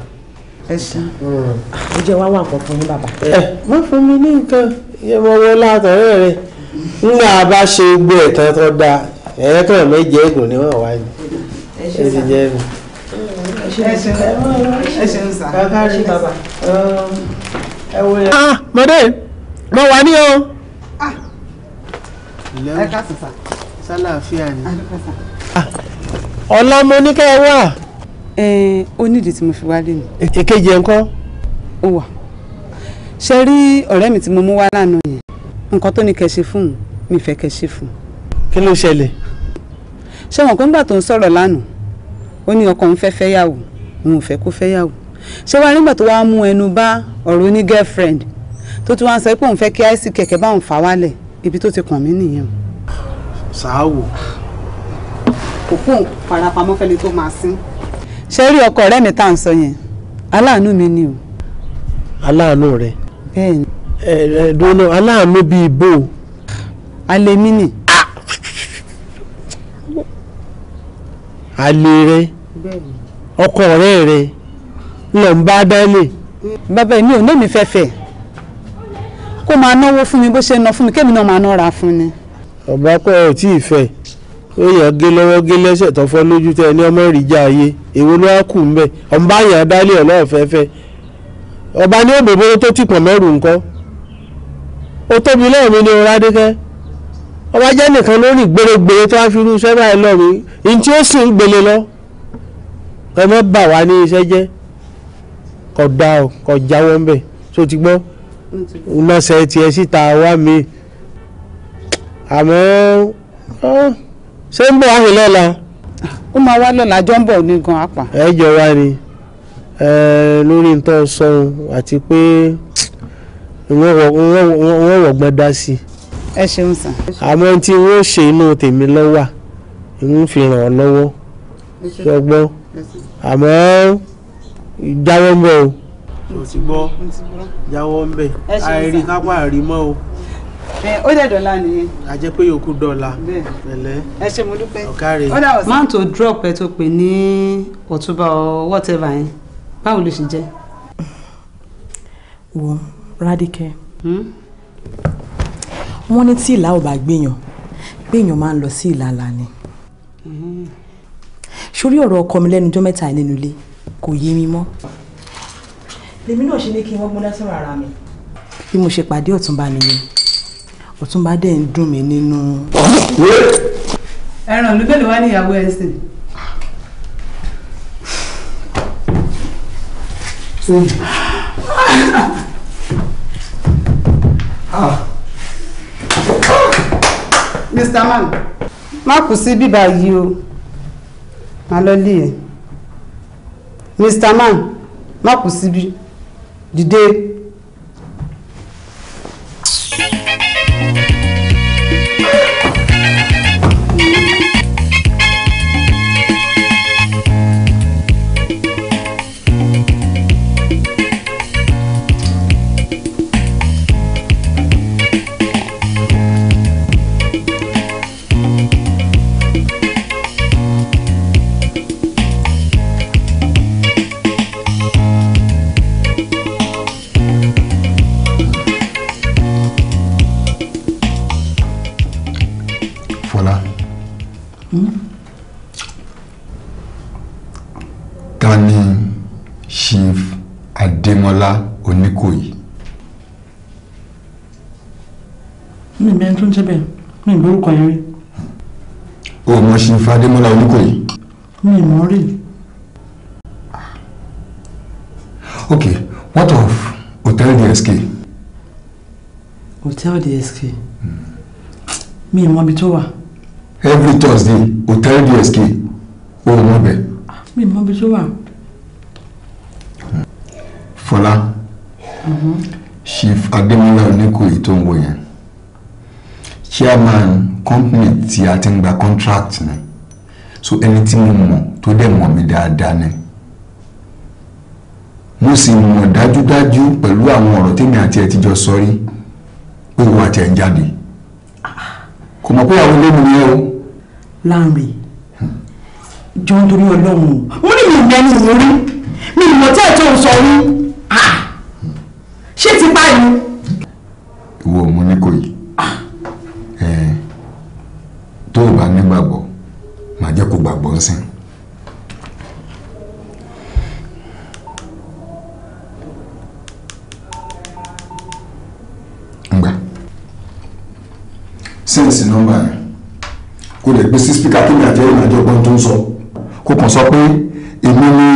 ẹ ṣeun hmm. ó jẹ́ wá wà kankan ní bàbá. ẹ má fún mi ní nǹkan iye mo wọ látọ̀rẹ́ rẹ nígbà bá ṣe gbé ẹ̀tàn tó dáa ẹ̀ẹ́tàn méje ègùn ni wọ́n wá ní. ẹ ti jẹ́ ah mọ̀dé mo wà ní o. Ah. Ah, ọ̀la mo ní kẹ́ ẹ wà. ó nídìí tí mo fi wálé ni. èkejì ẹ̀ ń kọ́. ó wà ṣe rí ọ̀rẹ́ mi tí mo mú wá lánàá yẹn nǹkan tó ní kẹ́ ṣe fún un mi fẹ́ kẹ́ ṣe fún un. kí ló ṣẹlẹ̀. ṣé wọn kò ń gbà tó ń sọ̀rọ̀ lánàá ó ní ọkọ òun fẹ́ fẹ́ yàwó òun ò fẹ́ kó fẹ́yàwó ṣé wàá nígbà tó wàá mú ẹnu bá ọ̀rọ̀ oní girlfriend tó tún wá sọ pé òun fẹ́ kí àìsí kẹ̀kẹ́ bá òun fà wálẹ̀ ibi tó ti kàn mí nìyẹn. sàáwò. kò kó òun farapamọ́ fẹ́ni tó máa sín. ṣé rí ọkọ ọ̀rẹ́ mi tá à ń sọ yẹn aláàánú mi ni o. aláàánú rẹ. bẹ́ẹ̀ni. ẹ ẹ dúró náà aláàánú bíi bó. alẹ́ mi nì. Ah! alẹ́ rẹ. bẹ́ẹ̀ni ọkọ ọ̀rẹ́ rẹ lọ bá dálé. bàbá o, ò lémi fẹ́fẹ́ kó máa náwó fún mi bó ṣe ná fún mi kémi náà máa fún ni. ọba ẹ tí ì ó yẹ gé gé tó lójú tẹ ní ọmọ ìrìjà ayé èwo ló wá kù ọba dálé ọba ní òbòbó tó ti pọ̀ nǹkan ó tóbi lẹ́ẹ̀mí ni ọba jẹ́ nìkan lórí gbèrègbèrè tó á fi irú iṣẹ́ lọ. ẹ má bà wá ní iṣẹ́ jẹ́ kò dá o kò jáwọ́ ń bẹ̀ tó ti gbọ́ nọ́ọ̀sẹ̀ tiẹ̀ síta wá mi àmọ́ ṣé ń bọ̀ wá mi lọ́la. ó máa wá lọ́la jọ ń bọ̀ ní gan apá. ẹ jọ wá ni lórí nǹkan sọhun àti pé wọ́n wọ̀gbọ́n dá sí i. ẹ ṣeun sàn. àmọ́ tí wọ́n ṣe inú tèmi lọ́wọ́ ń fi ràn ọ́ lọ́wọ́ ṣọgbọ́n àmọ́ jáwọ́ ń bẹ̀ o. mo ti gbọ́ jáwọ́ ń bẹ̀ àìrí kápá àrí mọ́ o. ó dẹ̀ dọ́là nìyẹn. a jẹ́ pé yòókù dọ́là pẹ̀lẹ́ ẹ ṣe mo dúpẹ́ ọ̀kárẹ̀. máa tó drop ẹ tó pè ní ọ̀túnba or whatever yẹn báwo ló ṣe jẹ́. wo Radike hmm? wọ́n ní tí ìlà ò bá gbéyàn gbéyàn máa ń lọ sí ìlàlà ni sórí ọ̀rọ̀ ọkọ mi lẹ́nu ọjọ́ mẹ́ta nínú ilé kò yé mi mọ́. lèmi náà ṣe ní kí wọ́n gbóná sọ̀rọ̀ ara mi. bí mo ṣe pàdé ọ̀túnba nìyẹn ọ̀túnba dẹ̀ ń dùn mí nínú. ẹran ìlú bẹ́ẹ̀ wá ní ìyàwó ẹ̀ Mr. Man má kù sí bíbá yìí o máa lọ lé ẹ e. mr man má kù síbi dìde. tó ń jẹ́ bẹ́ẹ̀ mi ìgbórúkọ yẹn rí. o mọ̀ sí Fadémọ́lá Oníkòyí. mi ì mọ̀ rí. ok what of Hotel DSK. Hotel DSK mi ì mọ̀ ibi tó wà. every Thursday Hotel DSK o mọ̀ bẹ́ẹ̀. mi ì mọ̀ ibi tó wà. Fọlá. Chief mm-hmm. Adémọ́lá Oníkòyí tó ń wọ yẹn chairman company tí a ti ń gba contract ni so ẹni tí mo mọ̀ tó dẹ̀ mọ̀ mí dáadáa ni mo sì mọ̀ dájúdájú pẹ̀lú àwọn ọ̀rọ̀ tèmi àti ẹ̀ ti jọ sọ rí pé òun àti ẹ̀ ń jáde kò mọ̀ pé àwọn olómi ni ó. láàrin hmm. jọ ń torí ọlọ́run mo ní mi ìgbẹ́ ni mo rí mi ìmọ̀ tí ẹ̀ tó ń sọ rí ah! ṣé ti báyìí. ìwọ mo ní kò yìí. nísìn. ngbà sẹ́ǹsì nọ́mbà yẹn kò lè gbé sí spíkà kí ni àjẹ́ ìrìnàjò ọgbọ́n tó ń sọ kò kàn sọ pé èmi ni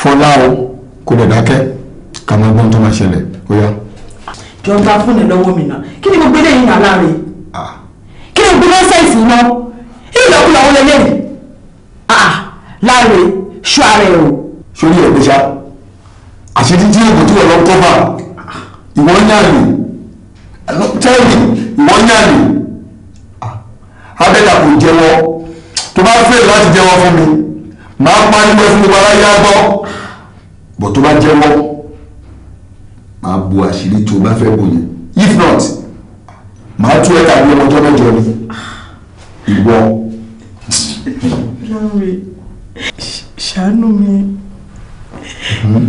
fọlá o kò lè dákẹ́ kà máa gbọ́n tó máa ṣẹlẹ̀ ó yá. jọ̀ọ́ gba fóònù lọ́wọ́ mi náà kí ni gbogbo eléyìí wà láàrin ah. kí ni gbogbo ẹ̀sẹ̀ ìsìn náà ìlọ́kulọ̀ àwọn ẹlẹ́yìn láre ṣọ́ ara ẹ̀ o. sórí ẹ̀ gbéṣá àṣírí tí èèyàn tó lọ kọ́ bá ìwọ yàrá tẹ́lẹ̀ ìwọ yàrá abẹ́là kò jẹ́wọ́ tó bá fẹ́ láti jẹ́wọ́ fún mi máa pa nígbà fún gbogbo aráyé àgbọ́ bọ̀ tó bá jẹ́wọ́ máa bo àṣírí tó bá fẹ́ bò yẹn if not máa tú ẹ̀ka bí ọmọjọ́ mẹ́jọ ni ìwọ ṣàánú mi mm-hmm.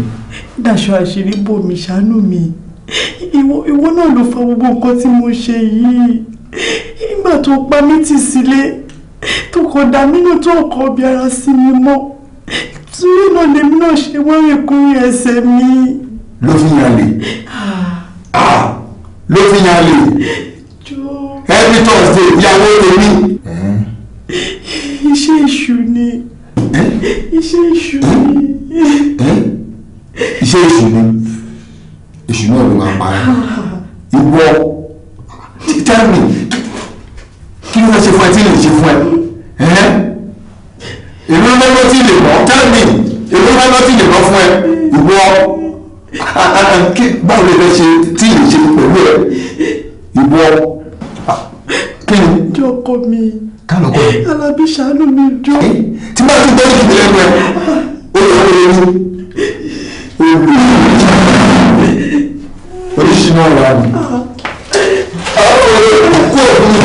dáṣọ àṣírí bò mí ṣàánú mi ìwọ náà ló fa gbogbo nǹkan tí mo ṣe yìí nígbà tó pa mí tì sílé tó kọ dá mí náà tó kọ bí ara sí mi mọ́ torí náà lèmi náà ṣe wẹ́rẹ̀kúnrin ẹsẹ̀ mi. ló fi yàn lè ah. Ah. ló fi yàn lè every Thursday ìyàwó tèmi. iṣẹ́ èṣù ni. iṣẹ́ èṣù ni èṣù náà ló máa pa ẹ́ ìwọ tell me kí ni wọ́n ṣe fún ẹ tí lè ṣe fún ẹ èmi ló lọ́ tí lè mọ́ tell me èmi ló lọ́ tí lè mọ́ fún ẹ ìwọ báwo lè fẹ́ ṣe tí lè ṣe pẹ̀lú ẹ ìwọ kí ni. jọkọ mi kálọ̀ kọ́ ni. alábí ṣàánú mi jọ. tí bá tún bẹ́ẹ̀ kí lẹ́nu ẹ̀ ó lè wọ́n lórí oríṣi náà wà ní. àwọn olórí kú òkú.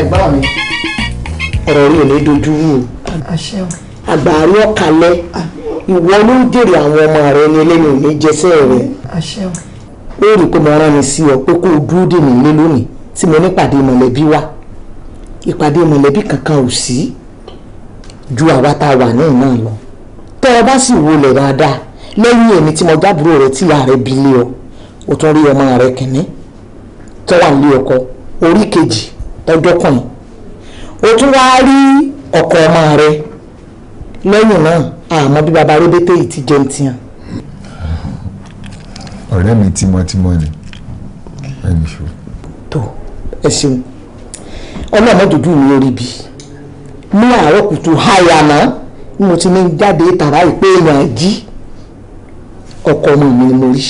ẹ̀gbọ́n mi ọ̀rọ̀ orí ò ní dojú rú o àgbààrí ọ̀kàlẹ̀ ìwọ ló ń dèrò àwọn ọmọ rẹ ní eléyìí ò ní jẹsẹ̀ rẹ ó rí pé mo rán mi sí ọ pé kó o dúró dè mí lé lónìí tí mo nípàdé mọ̀lẹ́bí wa ìpàdé mọ̀lẹ́bí kankan ò sí ju àwa tá a wà náà náà lọ tọ́ ọ bá sì wọlé dáadáa lẹ́yìn èmi tí mo jábúrò rẹ tí ìyá rẹ bí lé ọ o tún rí ọmọ rẹ kìnní tó wà nílé ọkọ orí kejì tọjọkùnrin o tún wá rí ọkọ ọmọ rẹ lẹ́yìn náà àmọ́ bí baba rébété yìí ti jẹun tiẹ̀ ọ̀rẹ́ mi tímọ́tímọ́ ni ẹni ṣo. tó ẹ ṣeun ọlọ́mọ dúdú mi ò rí bi ní àárọ̀ kùtù háyànà ni mo ti ní jáde tàrá ìpè èèyàn jí ọkọ ọmọ mi ni mo rí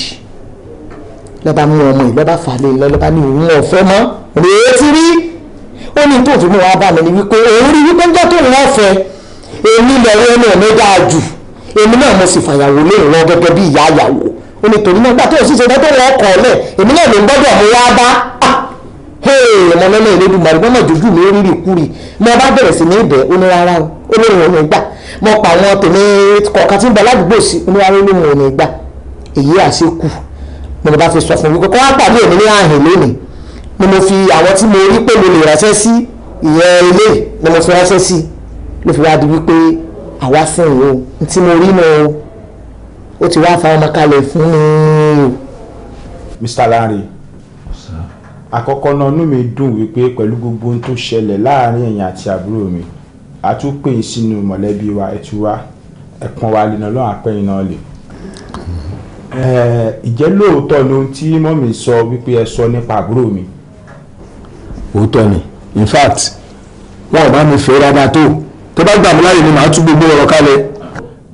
lọ́ba mú ọmọ yìí lọ́ba fà lé lọ lọ́ba ní òun ọ̀fẹ́ mọ́ rèé ti rí ó ní tó fi mú wa bá mi ni wípé òun rí wípé níjọ́ tó ń ọ̀fẹ́ èmi lọ́wọ́ náà ló dáa jù èmi náà mo sì fàyàwó lóòrán gẹ́gẹ́ bí ìyá àyàwó ó lè torí náà gbà tó òṣìṣẹ́ tó wọ́n kọ̀ ọ́lẹ̀ èmi náà ló ń gbọ́dọ̀ mú wá bá ah! ọmọ náà ìlédùn màrúgbọ́n náà jójú mi rírì kúrì mo bá bẹ̀rẹ̀ sí ní ibẹ̀ ó o ó lóun ò ní gbà mo pa àwọn tèmi kọ̀ọ̀kan tí ń bẹ ládùúgbò sí ó ní rárá lóun ò ní gbà èyí àṣekù ni mo bá fi sọ fún mi kókó wá pàdé èmi ní àhìn lónìí ni mo fi àwọn tí mo rí pé mo lè ránṣẹ́ sí ìyẹn ilé ni mo fi ránṣẹ́ sí ló fi wá di wípé àwa fún òun tí mo rí náà ó ti wá fa ọmọ kalẹ̀ fún mi Mr. Larry, àkọ́kọ́ náà inú mi dùn wípé pẹ̀lú gbogbo ohun tó ṣẹlẹ̀ láàrin ẹ̀yin àti àbúrò mi àtúpè sínú mọ̀lẹ́bí wa ẹ̀ tú wá ẹ̀pọ̀n wa lè nà lọ́wọ́ àpẹ́yìn náà lè. ìjẹ́ lóòótọ́ ni ohun tí mọ́mì sọ wípé ẹ sọ nípa àbúrò mi. òótọ́ ni in fact wọn ò bá mi fẹ́ rárá tó tó bá gbàmúláyè ni màá tú gbogbo ọ̀rọ̀ kalẹ̀.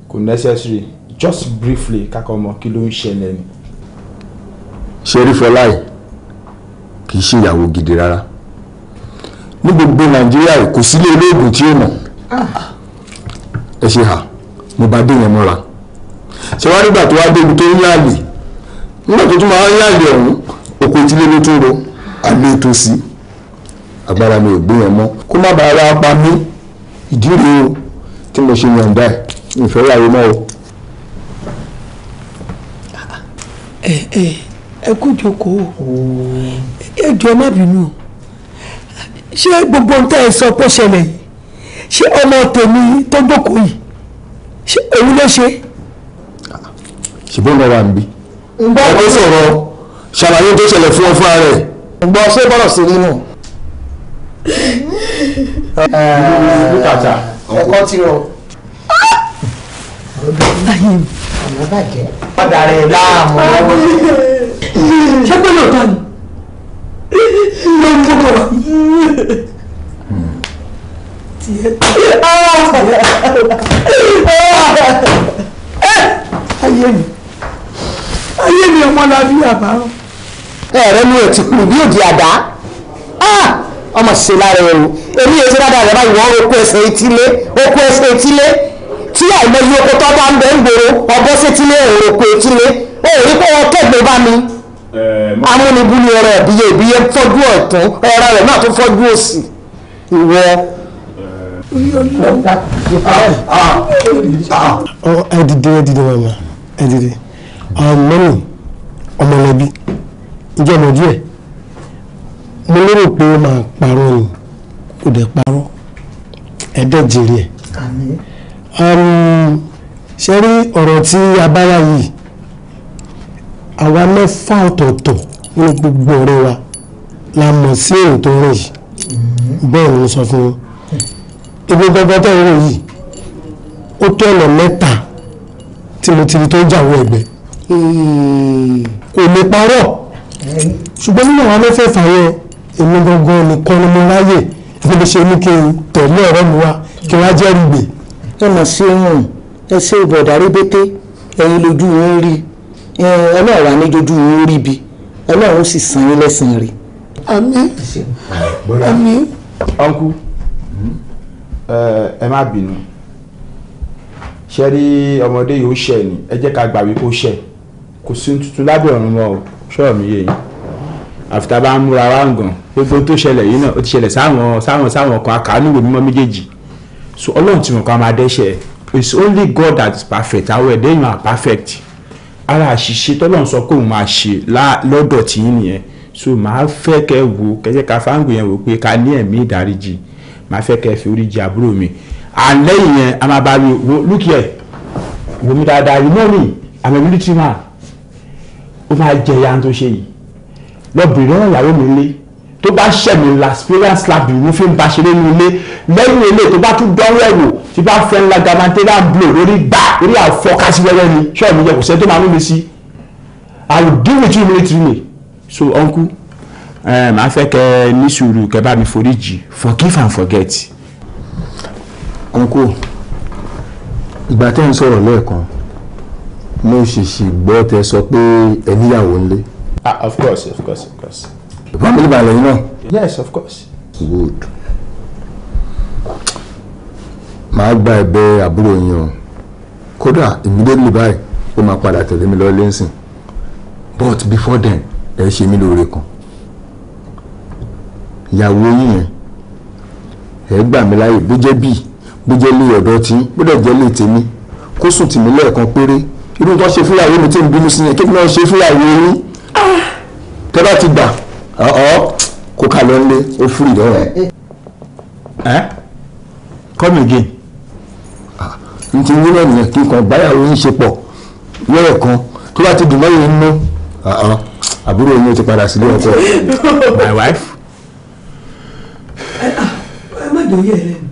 kò necessary just briefly kakọ mọ kí ló ń ṣẹlẹ̀ ni. ṣerífọláì kì í ṣe ìyàwó gidi rárá ní gbogbo nàìjíríà kò sílé olóògùn tí ó mọ̀ ah. ẹ ṣe hà mo bá dé yẹn mọ́ra ṣé wàá nígbà tó wá débi tó ń yáàlì nígbà tó tún máa ń yáàlì ọ̀hún òkú ìdílé ló tún ro àlè e tó sí agbára mi ò gbé yẹn mọ́ kó má bàa ra pa mí ìdí rèé o tí mo ṣe yàǹda ẹ̀ ìfẹ́ yàwó mọ́ o. ẹ eh, ẹ eh, ẹ kú jókòó ẹ jọ̀ọ́ má bínú ṣé gbogbo ohun tá ẹ sọ pé ṣẹlẹ̀ yìí ṣé ọmọ tèmi tó jókòó yìí ṣé òun ló ṣe. ṣùgbọ́n lọ́wọ́ àbí. ǹgbọ́ ọ̀rọ̀ sọ̀rọ̀ ṣàlàyé tó ṣẹlẹ̀ fún ọ fúnra rẹ̀. ǹgbọ́ ṣé bọ́rọ̀ sí nínú. ẹ̀kọ́ ti rọ. àyè àmọ́ bàjẹ́ padà rẹ̀ láàmú lọ́wọ́. ṣé pé lóòótọ́ ni ló ń gbogbo wa. ayé mi ayé mi ọmọ la bí ẹ̀rẹ́ mi ò ti kú bí òjì àdá ọmọ ṣe lára ẹ̀rù èmi èso dáadáa rẹ̀ báyìí wọ́n okú ẹsẹ̀ etílé okú ẹsẹ̀ etílé tí àìmọye oko tó bá ń bẹ ń gbòòrò ọbọ sétílé èrò oko ètílé ó rí pé wọn kẹgbẹ bá mi amúnibú ni ọ̀rọ̀ ìbíye ìbíye fọjú ọ̀tún ọ̀rọ̀ rẹ̀ náà òsì ìwọ. ẹ dìde ẹ dìde mama ẹ dìde ọmọlẹ́bí ìjọ mo lérò pé ó máa parọ́ ni kò dẹ̀ parọ́ jèrè ẹ̀. ṣe rí ọ̀rọ̀ tí a bá wá yìí àwa mẹ́fà ọ̀tọ̀ọ̀tọ̀ nínú gbogbo ọ̀rẹ́ wa la mọ̀ sí èrò tó rẹ̀ yìí mm-hmm. bẹ́ẹ̀ ni mo sọ fún yín ibi gbogbo tẹ́ ń rò yìí ó tó ọ̀nà mẹ́ta tí mo ti rí tó ń jàwọ́ ẹ̀gbẹ́ hmm. kò lè parọ́ ṣùgbọ́n nínú àwọn mẹ́fẹ̀ẹ̀fà yẹn èmi gangan nìkan ni mo ráyè bí mo ṣe ní kí n tẹ̀lé ọ̀rọ̀ mi wá kí n wá jẹ́rìí gbè ẹ mà ṣe hùn ẹ ṣe ìbọ̀dà rébété ẹ̀yin lójú yín rí ọlọ́run wa níjojú yín rí bi ọlọ́run sì san yín lẹ́sàn-án rí. àmín àmín. ọ̀nkú ẹ má bínú ṣe rí ọmọdé yìí ó ṣe ni ẹ jẹ́ ká gbà wí kó ṣe kò sí tuntun lábẹ́ ọ̀run mọ́ ọ ṣọ́ọ̀ mi yé yín àfitá bá ń múra wá ń gàn gbogbo tó ṣẹlẹ̀ yìí náà ó ti ṣẹlẹ̀ sáwọn sáwọn sáwọn kan àkàánú ìwé mímọ́ méjèèjì so ọlọ́run ti mọ̀ ká máa dẹ́ṣẹ̀ it's only God that is perfect Our day èèyàn are perfect ara àṣìṣe tọ́lọ́run sọ pé òun máa ṣe lọ́dọ̀ tí yín nìyẹn so màá fẹ́ kẹ́ wo kẹ́jẹ́ ká fáńgò yẹn wò pé ká ní ẹ̀mí ìdáríjì màá fẹ́ kẹ́ fi oríjì àbúrò mi àlẹ́ yẹn a máa bá mi wo look here wò mí dáadáa you know me I'm a military man ó máa jẹ ya tó ṣe yìí lọ bèrè ọ̀rọ̀ mi lé tó bá ṣẹ̀mí experience lab ìlú fi ń ba ṣeré ní ilé lẹ́yìn ilé tó bá tún dánwò ẹ̀wò tí bá fẹ́ ńlá gamantela blow lórí gbà lórí àfọkásí wẹ́wẹ́ ni ṣọ́ọ̀mù yẹ kò sẹ́ tó máa mú mi sí i will deal with you militarily so uncle eh, màá fẹ́ kẹ́ ẹ ní sùúrù kẹ́ bá mi foríjì forgive and forget. uncle ìgbà tẹ́ ń sọ̀rọ̀ lẹ́ẹ̀kan mo ṣèṣì gbọ́ tẹ sọ pé ẹ níyàwó ńlé. ah of course of course family balẹ̀ yìí náà. yes of course. good màá gba ẹ̀bẹ̀ àbúrò yín o kódà immediately báyìí ó máa padà tẹ̀lé mi lọ́ọ́ lẹ́sìn but before then ẹ ṣe mí lóore kan ìyàwó yín yẹn ẹ gbà mí láyè bó jẹ́ bíi bó jẹ́ lé ọ̀dọ́ tí bó dẹ̀ jẹ́ lé tèmi kó sùn tì mí lẹ́ẹ̀kan péré irú tó ṣe fúláwé mi tí mo bínú sí yẹn kí ni wọ́n ṣe fúláwé yín tẹ́ ti gbà ọ̀ọ́ kó ká lọ nílé ó fúri lọ́rùn. ẹ come again. Ah, n ti wúlò nìyẹn kí n kàn báyàwó yín ṣe pọ̀ lọ́rọ̀ kan tó bá ti dùn mọ́yìn ń mú uh-uh, àbúrò yín ti padà sílé ọkọ. my wife. ẹ má dòye ẹ lẹ́nu.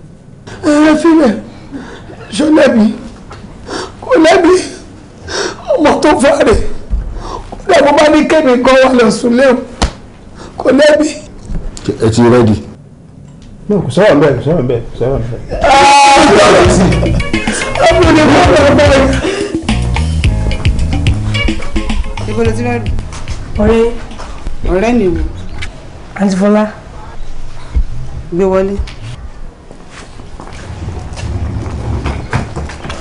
ẹ fílẹ̀ ṣó lẹ́bi kò lẹ́bi ọmọ tó fà rè kódà mo bá ní kẹ́mi kan wà lọ sùn lẹ́wọ̀n kò lẹ́bi. ẹ ti rẹ́dì. no kò sọ̀rọ̀ bẹ́ẹ̀ kò sọ̀rọ̀ bẹ́ẹ̀ kò sọ̀rọ̀ bẹ́ẹ̀. ọkùnrin ní kò sọ̀rọ̀ bẹ́ẹ̀. ibo ló ti rẹ́dì. ọ̀rẹ́ ọ̀rẹ́ ni wo. àǹtí Fọlá. gbé wọlé.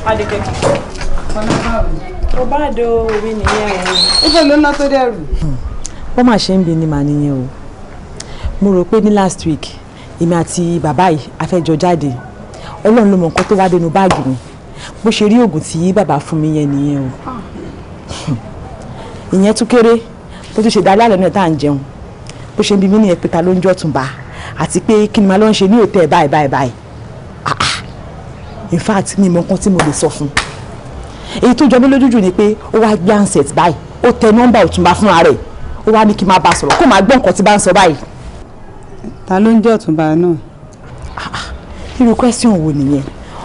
Adeke. Ọ̀nà báwo? Ọba àdó omi nìyẹn o. Ibo ló ná tó dẹrù. Hmm ó mà ṣe ń bi ni màá nìyẹn o mo rò pé ní last week èmi àti bàbá yìí a fẹ́ jọ jáde ọlọ́run ló mọ nǹkan tó wá dénú báàgì mi bó ṣe rí oògùn tí bàbá fún mi yẹn nìyẹn o ah. ìyẹn tún kéré bó tún ṣe dalẹ́ àlọ́ náà tá à ń jẹun bó ṣe ń bi mí nìyẹn pé ta ló ń jọ́ tún bá àti pé kí ni màá lọ ń ṣe ní òtẹ́ báyìí báyìí báyìí ah, ah. in fact mi mọ nǹkan tí mo lè sọ fún èyí tó jọ mí lójú jù ni pé ó wá gbé handset báyìí ó tẹ nọ́mbà Ọ̀túnba fúnra rẹ̀ ó wá ní kí n máa bá a sọ̀rọ̀ kó máa gbọ́ nǹkan tí bá ń sọ báyìí. ta ló ń jẹ́ ọ̀túnba náà. Ah, irú question wo nìyẹn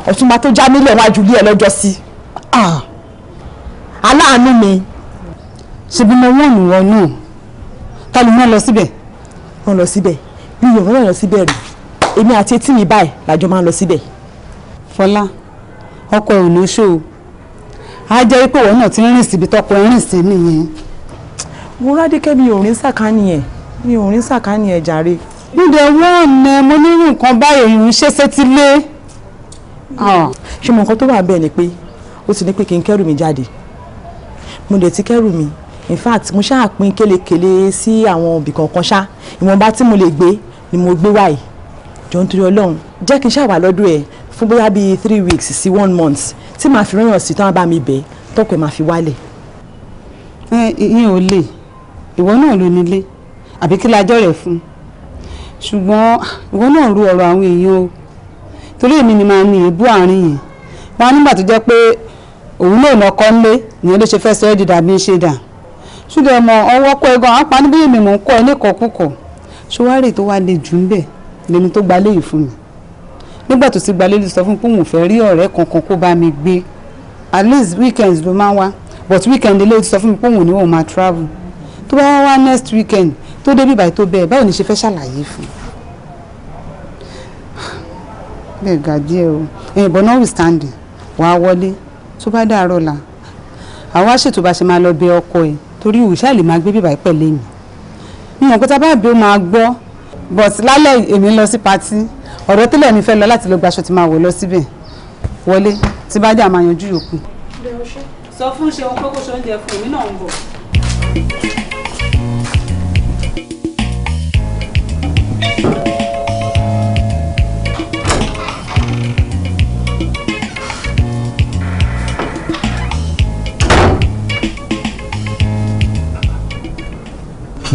ọ̀túnba tó já nílẹ̀ wájú ilé ẹ lọ́jọ́ sí ah, aláàánú mi. ṣebí mo wọ́n ìwọ náà ta ló wọ́n lọ síbẹ̀. wọ́n lọ síbẹ̀ bí yorùbá náà lọ síbẹ̀ rè èmi àti etí mi báyìí làjọ máa ń lọ síbẹ̀. fọlá ọkọ ẹ̀ ò ní ṣó o á jẹ́ pé òun náà ti ń rìn síbi tọkọ ẹ̀ rìn sí nìyẹn mo rádìkẹ́ mi ò rí sàkání ẹ̀ mi ò rí sàkání ẹ̀ jàre. nídẹ wọ́n nẹ mo nírú nǹkan báyìí ń ṣe sétílé. Ah. ṣé mo nǹkan tó wà bẹ́ẹ̀ ni pé ó ti ní pé kí n kẹ́rù mi jáde mo dẹ̀ ti kẹ́rù mi in fact mo ṣáà pín kélekèle sí àwọn òbí kankan ṣá ìwọ̀nba tí mo lè gbé ni mo gbé wáyìí jọ ń torí ọlọ́run jẹ́ kí n ṣáà wà lọ́dọ̀ ẹ̀ fún bóyá bíi three weeks sí one month tí màá fi rán sí tí wọ́n bá mi bẹ̀ tọ́kọ̀ ẹ̀ máa fi wálẹ̀. ẹ ìyẹn ò lè ìwọ náà ló nílé àbí kí lájọ́ rẹ̀ fún ṣùgbọ́n ìwọ náà ru ọ̀rọ̀ àwọn èèyàn o torí èmi ni màá ní èébú àárín yìí wọn á nígbà tó jẹ́ pé òun lè nà ọkọ ńlé nìyẹn ló ṣe fẹ́ sọ ẹ́ dìdà bí ń ṣe dà ṣùgbọ́n ọmọ ọwọ́ kọ ẹ̀gàn apá níbi èmi mò ń kọ́ ẹ lẹ́kọ̀ọ́ kúkọ̀ ṣọwárì tó wá le jù ń bẹ̀ lẹni tó gbalé yìí fún mi nígbà tó ti gbalé lè sọ fún pé fẹ́ rí ọ̀rẹ́ kankan kó bá mi gbé at least weekends ló máa wá but weekend lè sọ fún mi pé òun ní máa travel tó bá wá next weekend tó débi báyìí tó bẹ́ẹ̀ báwo ni ṣe fẹ́ ṣàlàyé fún bẹ́ẹ̀ ga díẹ̀ o ẹ̀yìn bọ́ náà withstanding wàá wọlé tó bá dàárọ̀ la àwa ṣètò bá ṣe máa lọ bẹ ọkọ ẹ̀ torí ìwé ṣáà lè máa gbé bíbá pẹ̀lẹ́ mi mi ò kọ́ta báàbí ó máa gbọ́ but lálẹ́ èmi lọ sí patí ọ̀rọ̀ tẹ́lẹ̀ mi fẹ́ lọ láti lọ gbaṣọ tí máa wọ̀ lọ síbẹ̀ wọlé tí bá dà máa yanjú yòókù. sọ fún ṣeun pé kó ṣe oúnjẹ fún mi náà ń bọ̀.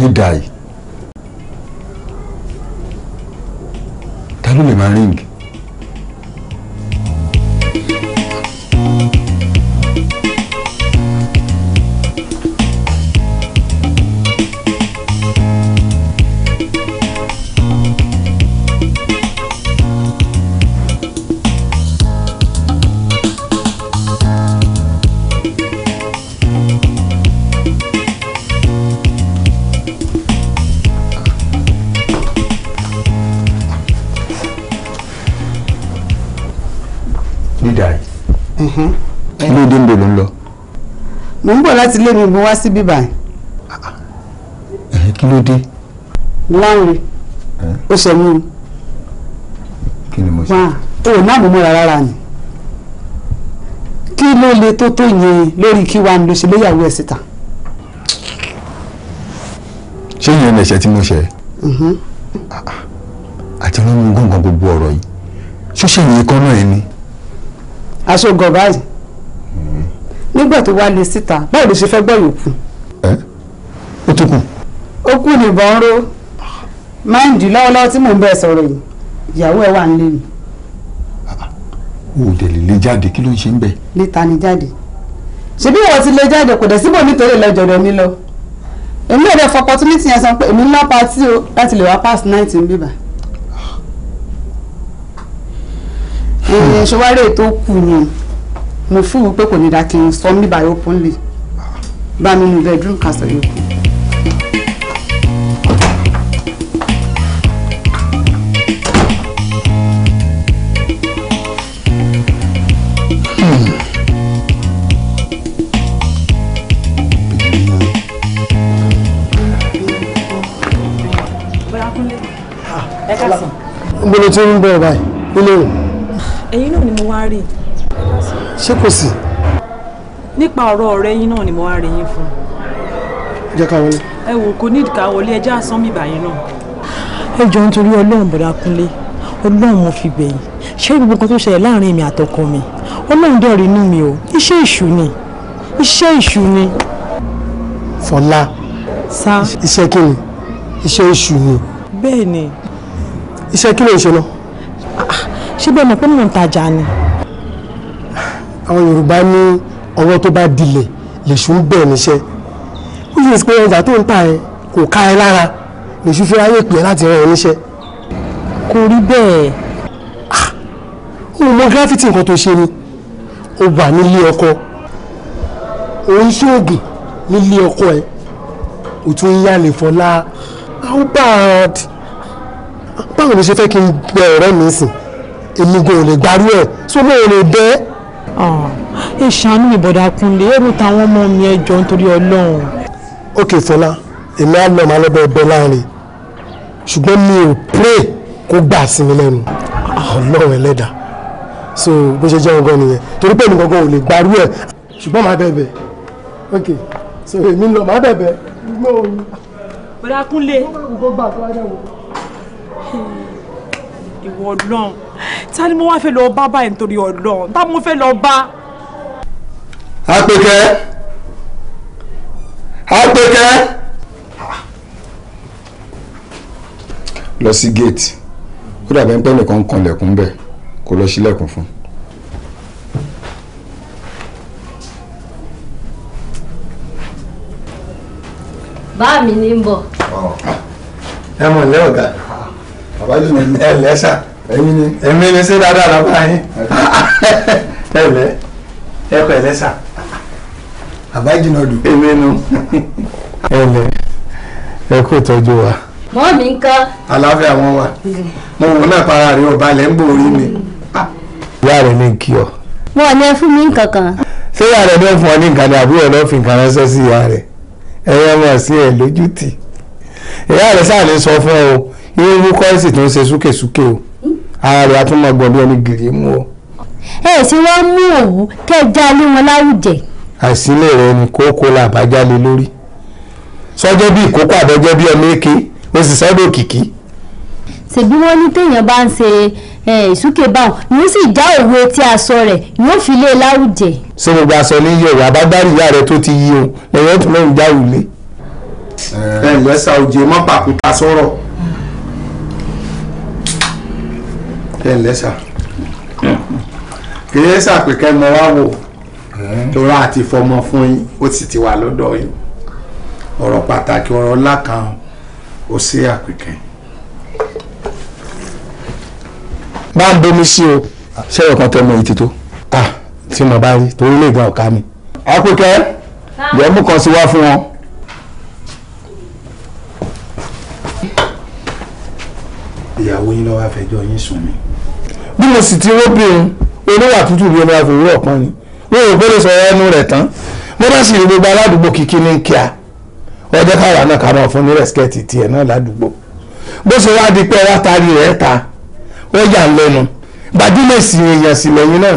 tó dáa yìí ta ló lè máa ríǹgì. bọ̀ láti lé mi wá sí bíbá ẹ̀. kí ló dé. láwùrẹ́ ó ṣe mú mi. kí ni mo ṣe. wá o má mú mọ́ra rárá ni kí ló le tó tó yẹn lórí kí wàá lọ ṣe léyàwó ẹ̀ síta. ṣé ìyẹn lẹ̀ṣẹ̀ tí mo ṣe. Mm-hmm. àti ọlọ́run gbọ̀ngàn gbogbo ọ̀rọ̀ yìí ṣó ṣe ìyẹn kan náà ẹni. aṣọ gọ̀ọ́ báyìí nígbà tó wá lé síta báwo ló ṣe fẹ́ gbọ́ yòókù. ẹ ó tún kù. ó kù nìbọn ró máìndì lọ́wọ́lọ́wọ́ tí mò ń bẹ́ẹ̀ sọ̀rọ̀ yìí ìyàwó ẹ̀ wà nílé mi. Ah, o ò dẹ̀ lè lè jáde kí ló ń ṣe ń bẹ̀. níta ni jáde ṣebí ìwọ ti lè jáde kò dẹ̀ síbò nítorí ìlẹ́jọ̀dọ̀ mi lọ èmi ò dẹ̀ fọ opportunity yẹn san pé èmi ńlá patí o láti lè wá pass night ń bíbà. Hmm. ṣé wàá rí kù yẹn mo fún wípé kò ní dá kí n sọ mí by openly bá mi nu bedroom kan sọ mo lè ti ń bọ̀ báyìí nílé ẹ̀yin náà ni mo wá rí i ṣé kò sí. nípa ọ̀rọ̀ ọ̀rẹ́ yín náà ni mo wá rí yín fún. jẹ́ ká wọlé. ẹ wò kò ní ìdíkà wọlé ẹjẹ́ àsán mi báyìí náà. ẹ jọ nítorí ọlọ́run bọ̀dá kúnlé ọlọ́run mo fi bẹ̀yìn ṣé gbogbo nǹkan tó ṣẹlẹ̀ láàrin èmi àtọkọ mi ọlọ́run dẹ̀rẹ̀ inú mi o iṣẹ́ ìṣù ni iṣẹ́ ìṣù ni. fọlá iṣẹ́ kí ni iṣẹ́ ìṣù ni. bẹ́ẹ̀ ni. iṣẹ́ kí ló ń ṣe lọ. Ah, ah, ṣé bẹ́ẹ̀ mọ̀ pé mò ń tajà ni àwọn Yorùbá ní ọwọ́ tó bá dilẹ̀ lèṣù ń bẹ̀ níṣẹ́ ó sì ń pé ọjà tó ń ta ẹ kò ká ẹ lára lèṣù fi ráyè pè láti rán ẹ níṣẹ́. kò rí bẹ́ẹ̀. Ah! ó mọ gírafìtì nǹkan tó ṣe ni ó wà nílé ọkọ òun ṣoògùn nílé ọkọ ẹ ò tún yá lè fọlá how bad báwo ló ṣe fẹ́ kí n gbẹ ọ̀rẹ́ mi sìn èmi gan ò lè gbárù ẹ̀ sọ́mọ́ ò lè bẹ́ẹ̀ ẹ ṣàánú mi bọ̀dá Kúnlé ẹrù táwọn ọmọ mi ẹ jọ nítorí Ọlọ́run. ókè Fọlá èmi á lọ màá lọ bẹ ẹ̀bẹ̀ láàrin ṣùgbọ́n mi ò pray kó gbà sí mi lẹ́nu ah, Ọlọ́run ẹlẹ́dà so bó ṣe jẹ́ ọgọ́ nìyẹn torí pé èmi gangan ò lè gbarú ẹ̀ ṣùgbọ́n màá bẹ̀bẹ̀ ok so èmi lọ màá bẹ̀bẹ̀ bọ̀dá Kúnlé ìwọ Ọlọ́run ta ni mo wá fẹ́ lọ bá báyìí nítorí Ọlọ́run ta mo fẹ́ lọ bá. Àpèkẹ́ Àpèkẹ́ lọ sí géètì ó dàbí ẹni pé ẹnìkan ń kanlẹ̀kùn bẹ́ẹ̀ kó lọ sílẹ̀kùn fún bá mi ní bọ̀. ẹ mọ̀ lẹ́ ọ̀gá bàbá yìí ní ẹ lẹ́sà èmi ni èmi ni ṣé dáadáa la bá yín ẹlẹ ẹkọ ẹlẹsà àbájínọdù èmi nu ẹlẹ ẹ kó tọ́jú wa. mọ́ mi ń kọ́. àlàáfíà wọn wà mo wò náà para rí ọba ilẹ̀ ń gbòòrí mi. ìyá rẹ̀ ní kí ọ. wọn ò ní ẹ fún mi nǹkan kan. ṣé ìyá rẹ̀ náà fún ọ ní nǹkan ni àbúrò náà fi nǹkan ránṣẹ́ sí ìyá rẹ̀ ẹ̀yẹ́ wọn sí ẹ̀ lójútì ìyá rẹ̀ sáà ní sọ fún ọ irú kọ́ọ̀sì tó ń ṣe súkèsúkè o ara rẹ̀ àtúmọ̀ gbọ̀n bí ẹni gèrè mú o. ẹ sì wá mú òwú kẹ jálé wọn láwùjẹ. àìsílẹ̀ rẹ ni kókó la àbájáde lórí sọ́jọ́ bí ìkókó àbẹ́jẹ́ bí ọmọ èké ó sì sọ́dọ̀ òkìkí. ṣèbí wọ́n ní téèyàn bá ń ṣe ìsúkè báwọn ni sì já òwe tí aṣọ rẹ̀ yóò fi lé e láwùjẹ. ṣé gbogbo aṣọ ní yẹ ìwà àbágbárì ìyá rẹ tó ti yí o lẹ́yìn ọ̀tún lọ́run já òun lé. ẹ ǹlẹ́ sa òjè mọ́ ẹ ǹlẹ́ sà kì í ṣàpèkẹ́ mọ wá wò torí àti fọmọ fún yín ó sì ti wà lọ́dọ̀ yín ọ̀rọ̀ pàtàkì ọ̀rọ̀ ńlá kan ó ṣe àpèkẹ́. bá ń bomi sí o ṣé ọ̀kan tẹ́ mọ ètò tó tí mo bá rí torí lè gan ọ̀ka mi. àpèkẹ́ yẹ̀mú kan sí wá fún wọn. ìyàwó yín ló wá fẹjọ́ yín sùn mí bí mo sì ti róbìnrin oníwà tútù bí omi àfòwúrọ̀ pọ́n ni wọ́n rò pé lè sọ ẹnu rẹ̀ tán mo bá sì rí gbogbo aládùúgbò kìkì ní kíá ọjọ́ káwa náà ká máa fún ní rẹ̀sikẹ́tì tiẹ̀ náà ládùúgbò bó ṣe wá di pé wá taari rẹ̀ ta ó yà ń lẹ́nu gbajúmọ̀ sí èèyàn sì lẹ́yìn náà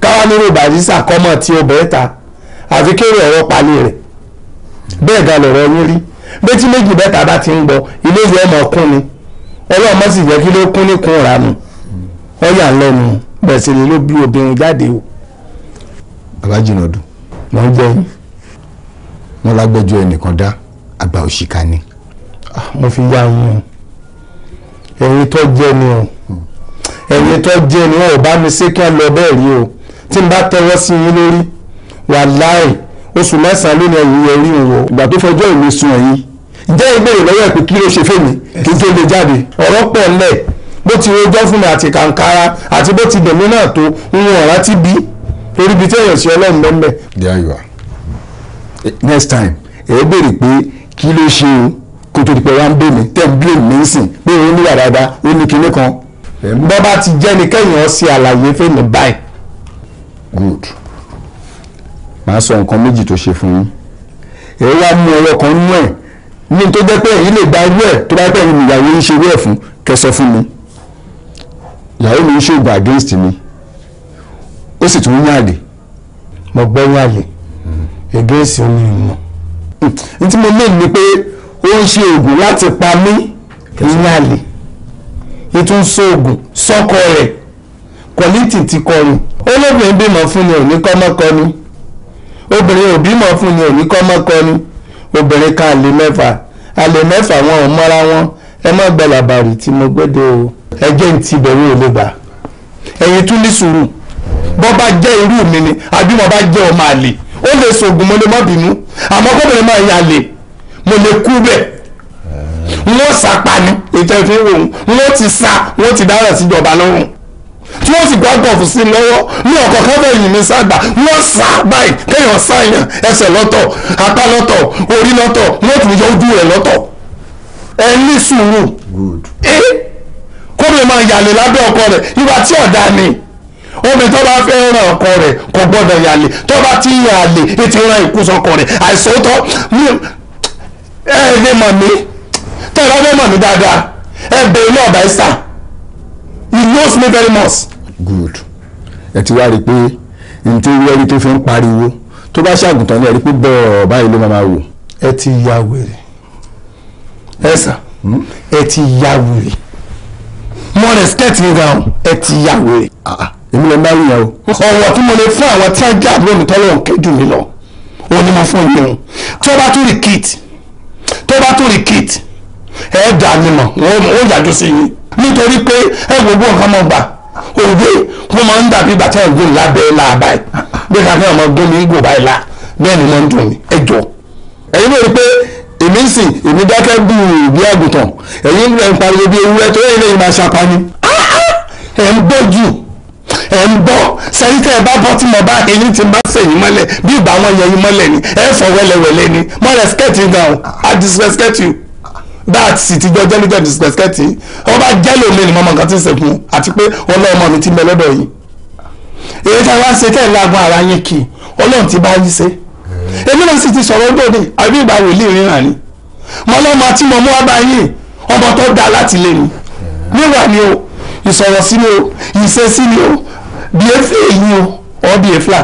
káwa nírò bàrísà kọ́mọ̀ tí ó bẹ́ẹ̀ ta àfi kéré ọ̀rọ̀ palẹ̀ rẹ̀ bẹ́ẹ̀ gan lọ̀rọ̀ yín rí bẹ́tí méjì bẹ́ẹ̀ ta bá ti ń gbọ́ ilé ìwé ọmọ kún ni ọlọ́mọ sì jẹ́ kí ló kún ní kún ìranù ọ yà lẹ́nu bẹ́ẹ̀ sì ló bí obìnrin jáde o. bàbá jìnnàdù. wọ́n jẹ́ yín. wọ́n lágbẹ́jọ́ ẹnìkan dá àgbà òṣìkà ni. Ah, mo fi yá wọn ẹ̀yin tó jẹ́ ni o ẹ̀yin tó jẹ́ ni wọn ò bá mi ṣe kí wọ́n lọ bẹ́ẹ̀ rí o tí n bá tẹwọ́ sí yín lórí wàláì oṣù mẹ́sàn-án ló ní ẹ̀yìn ẹ̀rí wò. ìgbà tó fọjọ́ ìlú sun ẹ̀yìn jẹ́ ìbéèrè lọ́wọ́ ẹ̀ pé kí ló ṣe fèmí kí n tó lè jáde ọ̀rọ̀ pọ̀ ńlẹ̀ bó ti rojọ́ fún mi àti kàǹkàrà àti bó ti dẹ̀mí náà tó ń ọ̀rá ti bí torí ibi tí sí ọlọ́run lẹ́mẹ̀. there you are e, next time ẹ béèrè pé kí ló ṣe o kó tó di pé wá ń bè mí tẹ̀ ń bè mí ń sìn pé òun níwà dáadáa ó ní kinní kan. bọ́ ti jẹ́ ni kẹ́yìn ọ ṣe àlàyé fèmí báyìí. good màá sọ nǹkan méjì tó ṣe fún yín ẹ wá mú ọwọ́ kan nú ẹ̀ ní tó jẹ́ pé èyí lè da irú ẹ̀ tó bá pẹ̀lú ìyàwó yín ṣe irú ẹ̀ fún kẹsọ fún mi ìyàwó mi ń ṣògùn against mi ó sì tún ń yàlè. mo gbẹ́ yàlè against mi mọ̀. n tí mo lè ní pé ó ń ṣe oògùn láti pa mí ìyàlè ìtún sóògùn sọ́kọ rẹ̀ kọ́lítì ti kọrin olóbìnrin bímọ fún ni òní kọ́mọ́kọ́ni obìnrin ò bímọ fún ni òní kọ́mọ́kọ́ni obìnrin kan àlè mẹ́fà àlè mẹ́fà wọn ò mọ́ra wọn ẹ má gbẹ tí mo gbé dé o ẹjẹ́ ń ti bẹ̀rù ò lè gbà ẹ̀yin tún ní sùúrù bọ́ bá jẹ́ irú mi ni àbí mo bá jẹ́ ọmọ àlè ó lè sògùn mo lè má bínú àmọ́ gómìnà máa yà lè mo lè kú bẹ̀ wọ́n sàpà ní ètò ìfẹ́ òun wọ́n ti sa wọ́n ti dára síjọba lọ́rùn tí wọ́n sì gbàgbọ́ fún sí lọ́wọ́ ní ọ̀kọ̀ kẹ́fẹ́ yìí mi ságbà wọ́n sá báyìí kéèyàn sáyàn ẹsẹ̀ lọ́tọ̀ apá lọ́tọ̀ orí lọ́tọ̀ wọ́n tún yọ ojú rẹ̀ lọ́tọ̀ ẹ ní sùúrù. good. Eh? kóbìnrin máa yàlè lábẹ́ ọkọ rẹ̀ ìwà tí ọ̀dà ni omi tó bá fẹ́ ràn ọkọ rẹ̀ kò gbọ́dọ̀ yàlè tó bá ti yàlè ètò ìran ìkúsọkọ rẹ̀ àìsàn tó ẹ ẹ lè mọ̀ mí tẹ́ ẹ bá fẹ́ mọ̀ mí dáadáa ẹ bẹ̀rẹ̀ náà by star he knows me very much. good ẹ ti wá rí i pé n tí wẹ́rí tó fi ń pariwo tó bá ṣàgùntàn ní ẹ rí i pé bọ́ọ̀ báyìí ló máa wò. ẹ ti ya wèrè ẹ hmm? sà ẹ ti ya wèrè mo respect mi gan ẹ ti yà wèrè ah, èmi lè bá yìnyẹn o ọ̀wọ̀ tí mo lè fún àwọn tí wọ́n jẹ́ àbúrò mi tọ́lọ́ kẹ́jù mi lọ òun ni mo fún yìí o tó bá tún rí kit tó bá tún rí kit ẹ dà mí mọ̀ wọ́n yàjọ sí yín nítorí pé ẹ gbogbo nǹkan mọ̀ gbà òde wọ́n máa ń dàbí bàtà ìgbóhùn lábẹ́ làbá ẹ̀ bí kàkẹ́ ọmọ gbóhùn mi ń gbò báyìí la bẹ́ẹ̀ ni wọ́n ń dùn mí ẹ jọ ẹ̀yin ló rí pé èmi ń sìn èmi dákẹ́ bí bí àgùntàn ẹ̀yin ẹ̀ ń pariwo bí ewúrẹ́ tó yẹ lẹ́yìn máa ṣàpani ẹ̀ ń bọ́ jù ẹ̀ ń bọ́ sẹ́yìn tẹ́ ẹ bá bọ́ tí mo bá eyín ti máa sẹ̀yìn mọ́lẹ̀ bí ìgbà wọn yẹyin mọ́lẹ̀ ni ẹ fọ wẹ́lẹ́wẹ́lẹ́ ni mo respect you now I disrespect you that sì ti jọ jẹ́lú jẹ́lú disrespect yìí ọba jẹ́lò mi ni mo mọ nǹkan tí ń sẹ̀kún àti pé ọlọ́ọ̀mọ mi ti mẹ lọ́dọ̀ yìí èyí tí a wá ń ṣe tẹ́ ẹ̀ lágùn ara yín kì ọlọ́run èmi náà sì ti sọ̀rọ̀ lóde àbí ìgbà wòlíì ríran ni mo lọ́mọ tí mo mú ọba yìí ọmọ tó dáa láti lé ni níwà ni o ìsọ̀rọ̀ sí ni o ìṣe sí ni o bíẹ́fẹ́ èyí o ọ̀ bíẹ́fà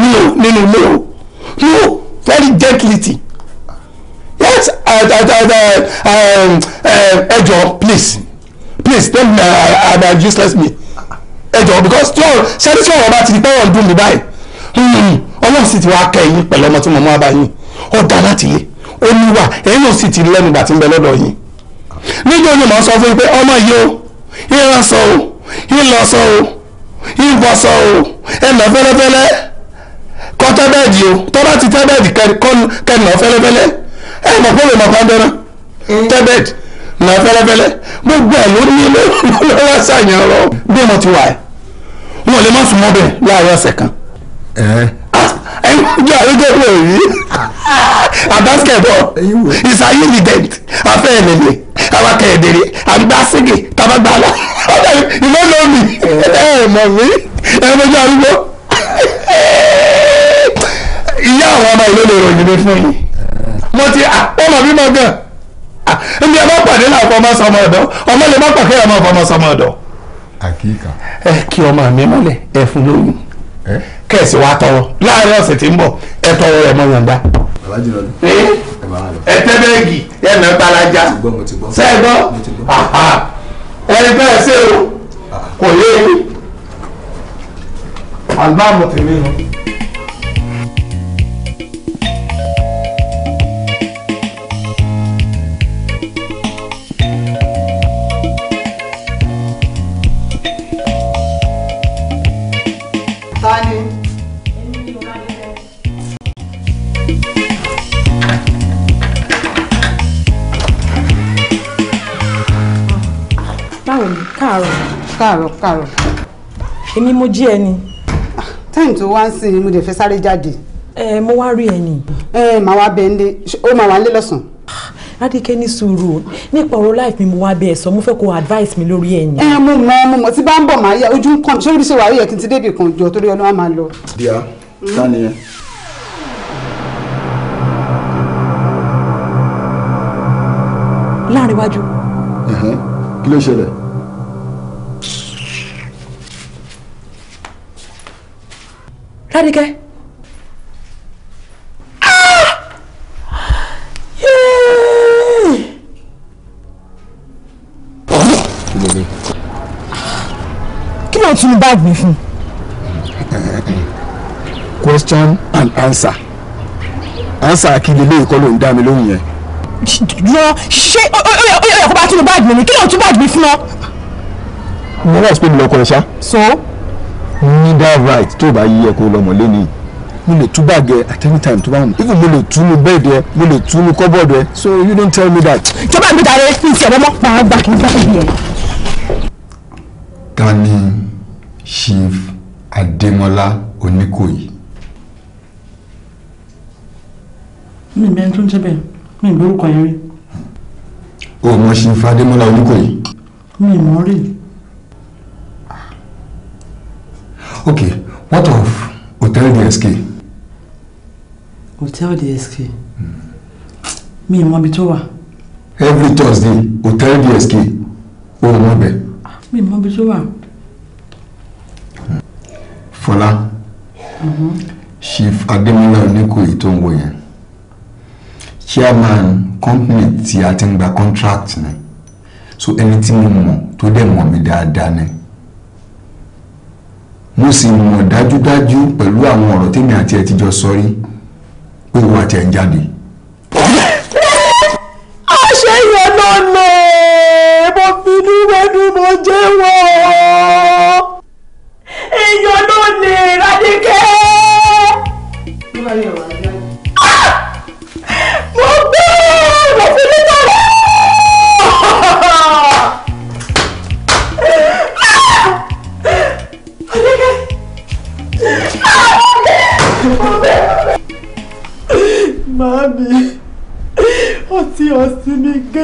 ni o nínú ilé o ni o very gentlity yes um, um, ẹjọ please please tell me I am useless me ẹjọ because tí wọn ṣe tí wọn bá ti di pé wọn dùn mí báyìí. Hmm ọlọ́run sì ti wá kẹ́ yín pẹ̀lú ọmọ tí mo mọ́ abá yín ọ̀dà láti yé ó ní wà ẹ̀yìn sì ti lẹ́nu gbà tí ń bẹ lọ́dọ̀ yín níjọ́ ni màá sọ fún yín pé ọmọ yìí o ìran sọ o ìlọ sọ o ìbọ̀ sọ o ẹnà fẹ́lẹ́fẹ́lẹ́ kọ́ tẹ́bẹ́ẹ̀dì o tọ́ bá ti tẹ́bẹ́ẹ̀dì kẹ́nà fẹ́lẹ́fẹ́lẹ́ ẹ mọ̀ pé mọ̀ pa bẹ́rẹ̀ tẹ́bẹ́ẹ̀dì nà fẹ́lẹ́fẹ́lẹ́ gbogbo ẹ̀ ló ní lọ́wọ́ sàyàn rọ bí mo ti wà ẹ̀ wọn ò lè má sùn mọ́ bẹ́ẹ̀ láàárọ̀ ọ̀sẹ̀ kan ojú àríjọ rẹ rí abasketbọ ah. ìsàyè ìdẹ̀t afẹ́ ẹ̀lẹ́lẹ̀ awakẹ́ ẹ̀dẹ̀rẹ̀ àgbàsígì tabagbala ìmọ̀ lómi ẹ̀ mọ̀ mí ẹ̀ mọ̀ ojú àríjọ ìyá àwọn ọmọ ìlú lè ròyìn mi fún yìí mo ti ọmọ mi mọ gan ẹni ah, ẹ bá pàdé làwọn ọmọ sọmọ ọ̀dọ̀ ọmọ lè má pàkẹ́ ọmọ ọmọ sọmọ ọ̀dọ̀. àkíkà. ẹ kí ọmọ mi mọ́lẹ̀ ẹ fún lóyún kẹ̀sì wa tọrọ láàrin ọ̀sẹ̀ tí ń bọ̀ ẹ tọrọ ẹ mọ wọn gbá. ẹ tẹ bẹ́ẹ̀gì ẹ nà gbalaja sẹ́gbọ́ ẹni bẹ́ẹ̀ ṣe kò yé mi. àlùbáàmù tèmi nù. káàárọ̀. èmi mo jí ẹni. táìmù tó wá ń sìn ni mo dẹ̀ fẹ́ sáré jáde. ẹ mo wá rí ẹni. ẹ màá wá bẹ ẹ ń lé ó máa wá ń lé lọ́sàn-án ládìkẹ́ ní sùúrù nípa ọ̀rọ̀ life mi mo wá bẹ́ẹ̀ sọ mo fẹ́ kó advice mi lórí ẹ̀ ni. ẹ mo mọ mo mọ tí bá ń bọ̀ máa yá ojú ń kàn mí sórí ìṣòwò àríyẹ kí n ti débì kan jọ torí ọlọ́wà máa lọ. díà ta ni ẹ. láàrin iwájú. kí ló ṣẹlẹ̀. Ah! Yay! kí ló tún bá gbìn fún. question and answer answer kí lélẹ́yìn kọ́ ló ń dá mi lóhùn yẹn. lọ ṣe ó yẹ kó bá tún bá gbìn mi kí ló tún bá gbìn fún ọ. mo rà sí pé mi lọ kọ ẹ ṣá. so neither right tó o bá yí ẹ kó lọmọ lẹ́nu yìí mo lè tú báàgì ẹ at any time tó bá wù mí even mo lè tú nu bẹ́ẹ̀dì ẹ mo lè tú nu kọ́bọ̀dù ẹ so you don't tell me that. jọba mi tààrẹ ní ìṣẹ̀ ọmọ máa gbà kí n bá yẹ. ta ni Chief Adémọ́lá Oníkòyí. mi ì bẹ́ẹ̀ tó ń jẹ́ bẹ́ẹ̀ mi ì gbórúkọ yẹn rí. o mọ̀ Chief Adémọ́lá Oníkòyí. mi ì mọ̀ rí i. Okay, what of Hotel DSK? Hotel DSK? Me, Mi mọ Every Thursday, Hotel DSK, Oh, mọ Me, Mi mọ ibi tó wà. Ah, mm-hmm. Chief Adémọ́lá Oníkòyí tó ń wò yẹn. Chairman company tí a ti contract ni. So anything tí mo mọ̀ tó dẹ̀ mọ̀ mí dáadáa mo sì mọ̀ dájúdájú pẹ̀lú àwọn ọ̀rọ̀ tèmi àti ẹ̀ ti jọ sọ rí pé òun àti ẹ̀ ń jáde. a ṣe ìyọ̀nà ọ̀nà ẹ̀bọ̀n bínú wẹ́nu mo jẹ́wọ́.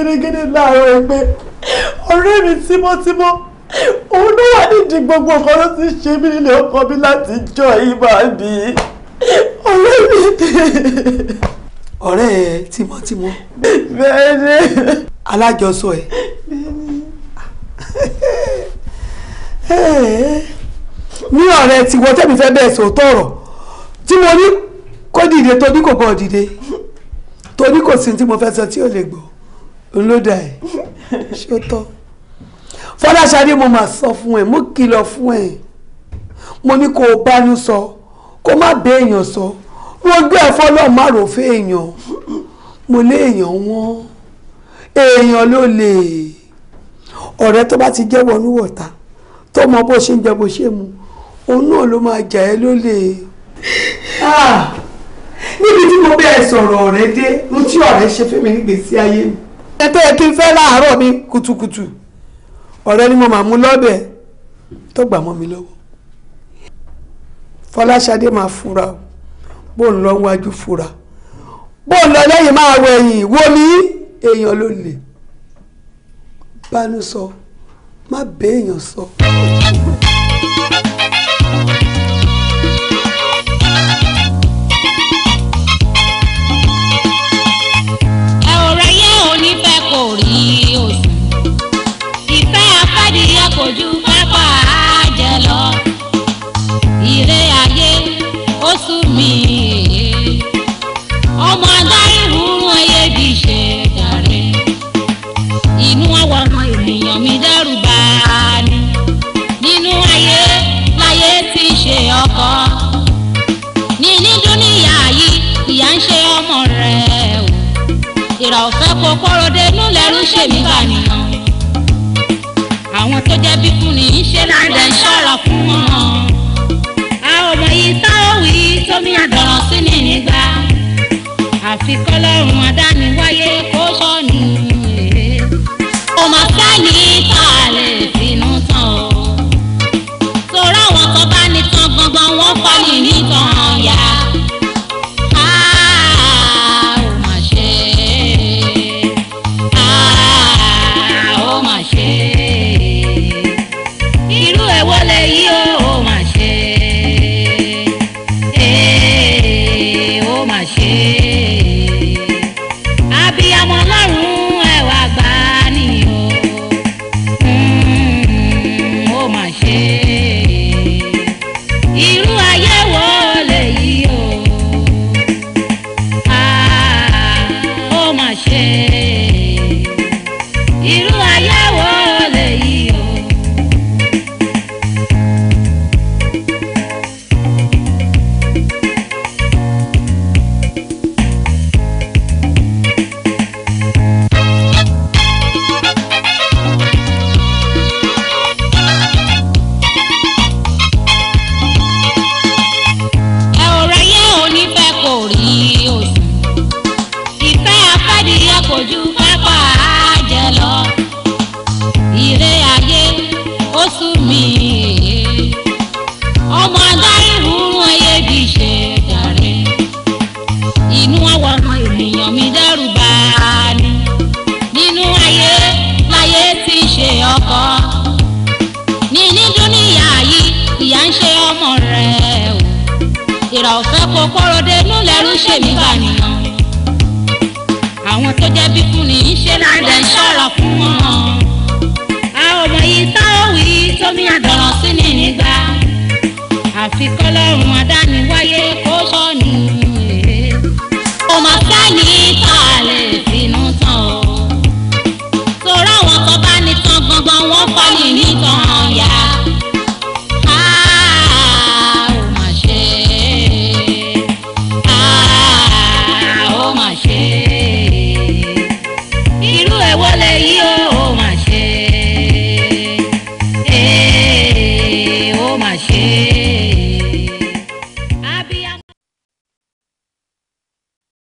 gírígírí láàárọ̀ yìí pé ọ̀rẹ́ mi tímọ́tímọ́ òun ló wà nídìí gbogbo nǹkan ló ti ṣe mí nílé ọkọ mi láti jọ ìbá mi ọ̀rẹ́ mi dé. ọ̀rẹ́ ẹ tímọ́tímọ́. bẹ́ẹ̀ni. alájọsọ ẹ. bẹ́ẹ̀ni. ní ọ̀rẹ́ tiwọn tẹ́mi fẹ́ bẹ́ẹ̀ sòótọ́ ọ̀rọ̀ tí mo ní kó dìde tó ní kò bọ̀ dìde tó ní kò sí tí mo fẹ́ sọ tí ò lè gbọ́ olódà ẹ̀ ṣótọ́ fọláṣadé mo máa sọ fún ẹ mo kìlọ̀ fún ẹ mo ní kó o bánú sọ kó má bẹ èèyàn sọ wọn gbé ẹ̀fọ́ lọ́ọ́ má rò fẹ́ èèyàn mo lé èèyàn wọn èèyàn ló lè ọ̀rẹ́ tó bá ti jẹ́ wọnú wọ̀ta tó mọ bó ṣe ń jẹ bó ṣe mu òun náà ló máa jà ẹ́ ló lè. Ah! níbi tí mo bẹ́ẹ̀ sọ̀rọ̀ ọ̀rẹ́ dé ohun tí ọ̀rẹ́ ṣe fún mi nígbèésí ayé mi ẹtẹ́ kí n fẹ́ láàárọ̀ mi kùtùkùtù ọ̀rẹ́ ni mo máa mú lọ́bẹ̀ tó gbà mọ́ mi lọ́wọ́ Fọláṣadé máa fura bó ń lọ wájú fura bó ń lọ lẹ́yìn máa wọ ẹ̀yìn wo mi èèyàn ló lè bánú sọ má bẹ́ẹ̀ èèyàn sọ. So. kò rí òsùn ìfẹ́ afẹ́díyẹ kò ju ń ṣe mí gbà nìyàn àwọn tó jẹ́ bí fún ni ṣé láǹdẹ̀ ń ṣọ̀rọ̀ fún wọn. a ò mọ yìí tá ò wí tómi àdọ̀rọ̀ sí ni nígbà àfikọ́ lọ́rùn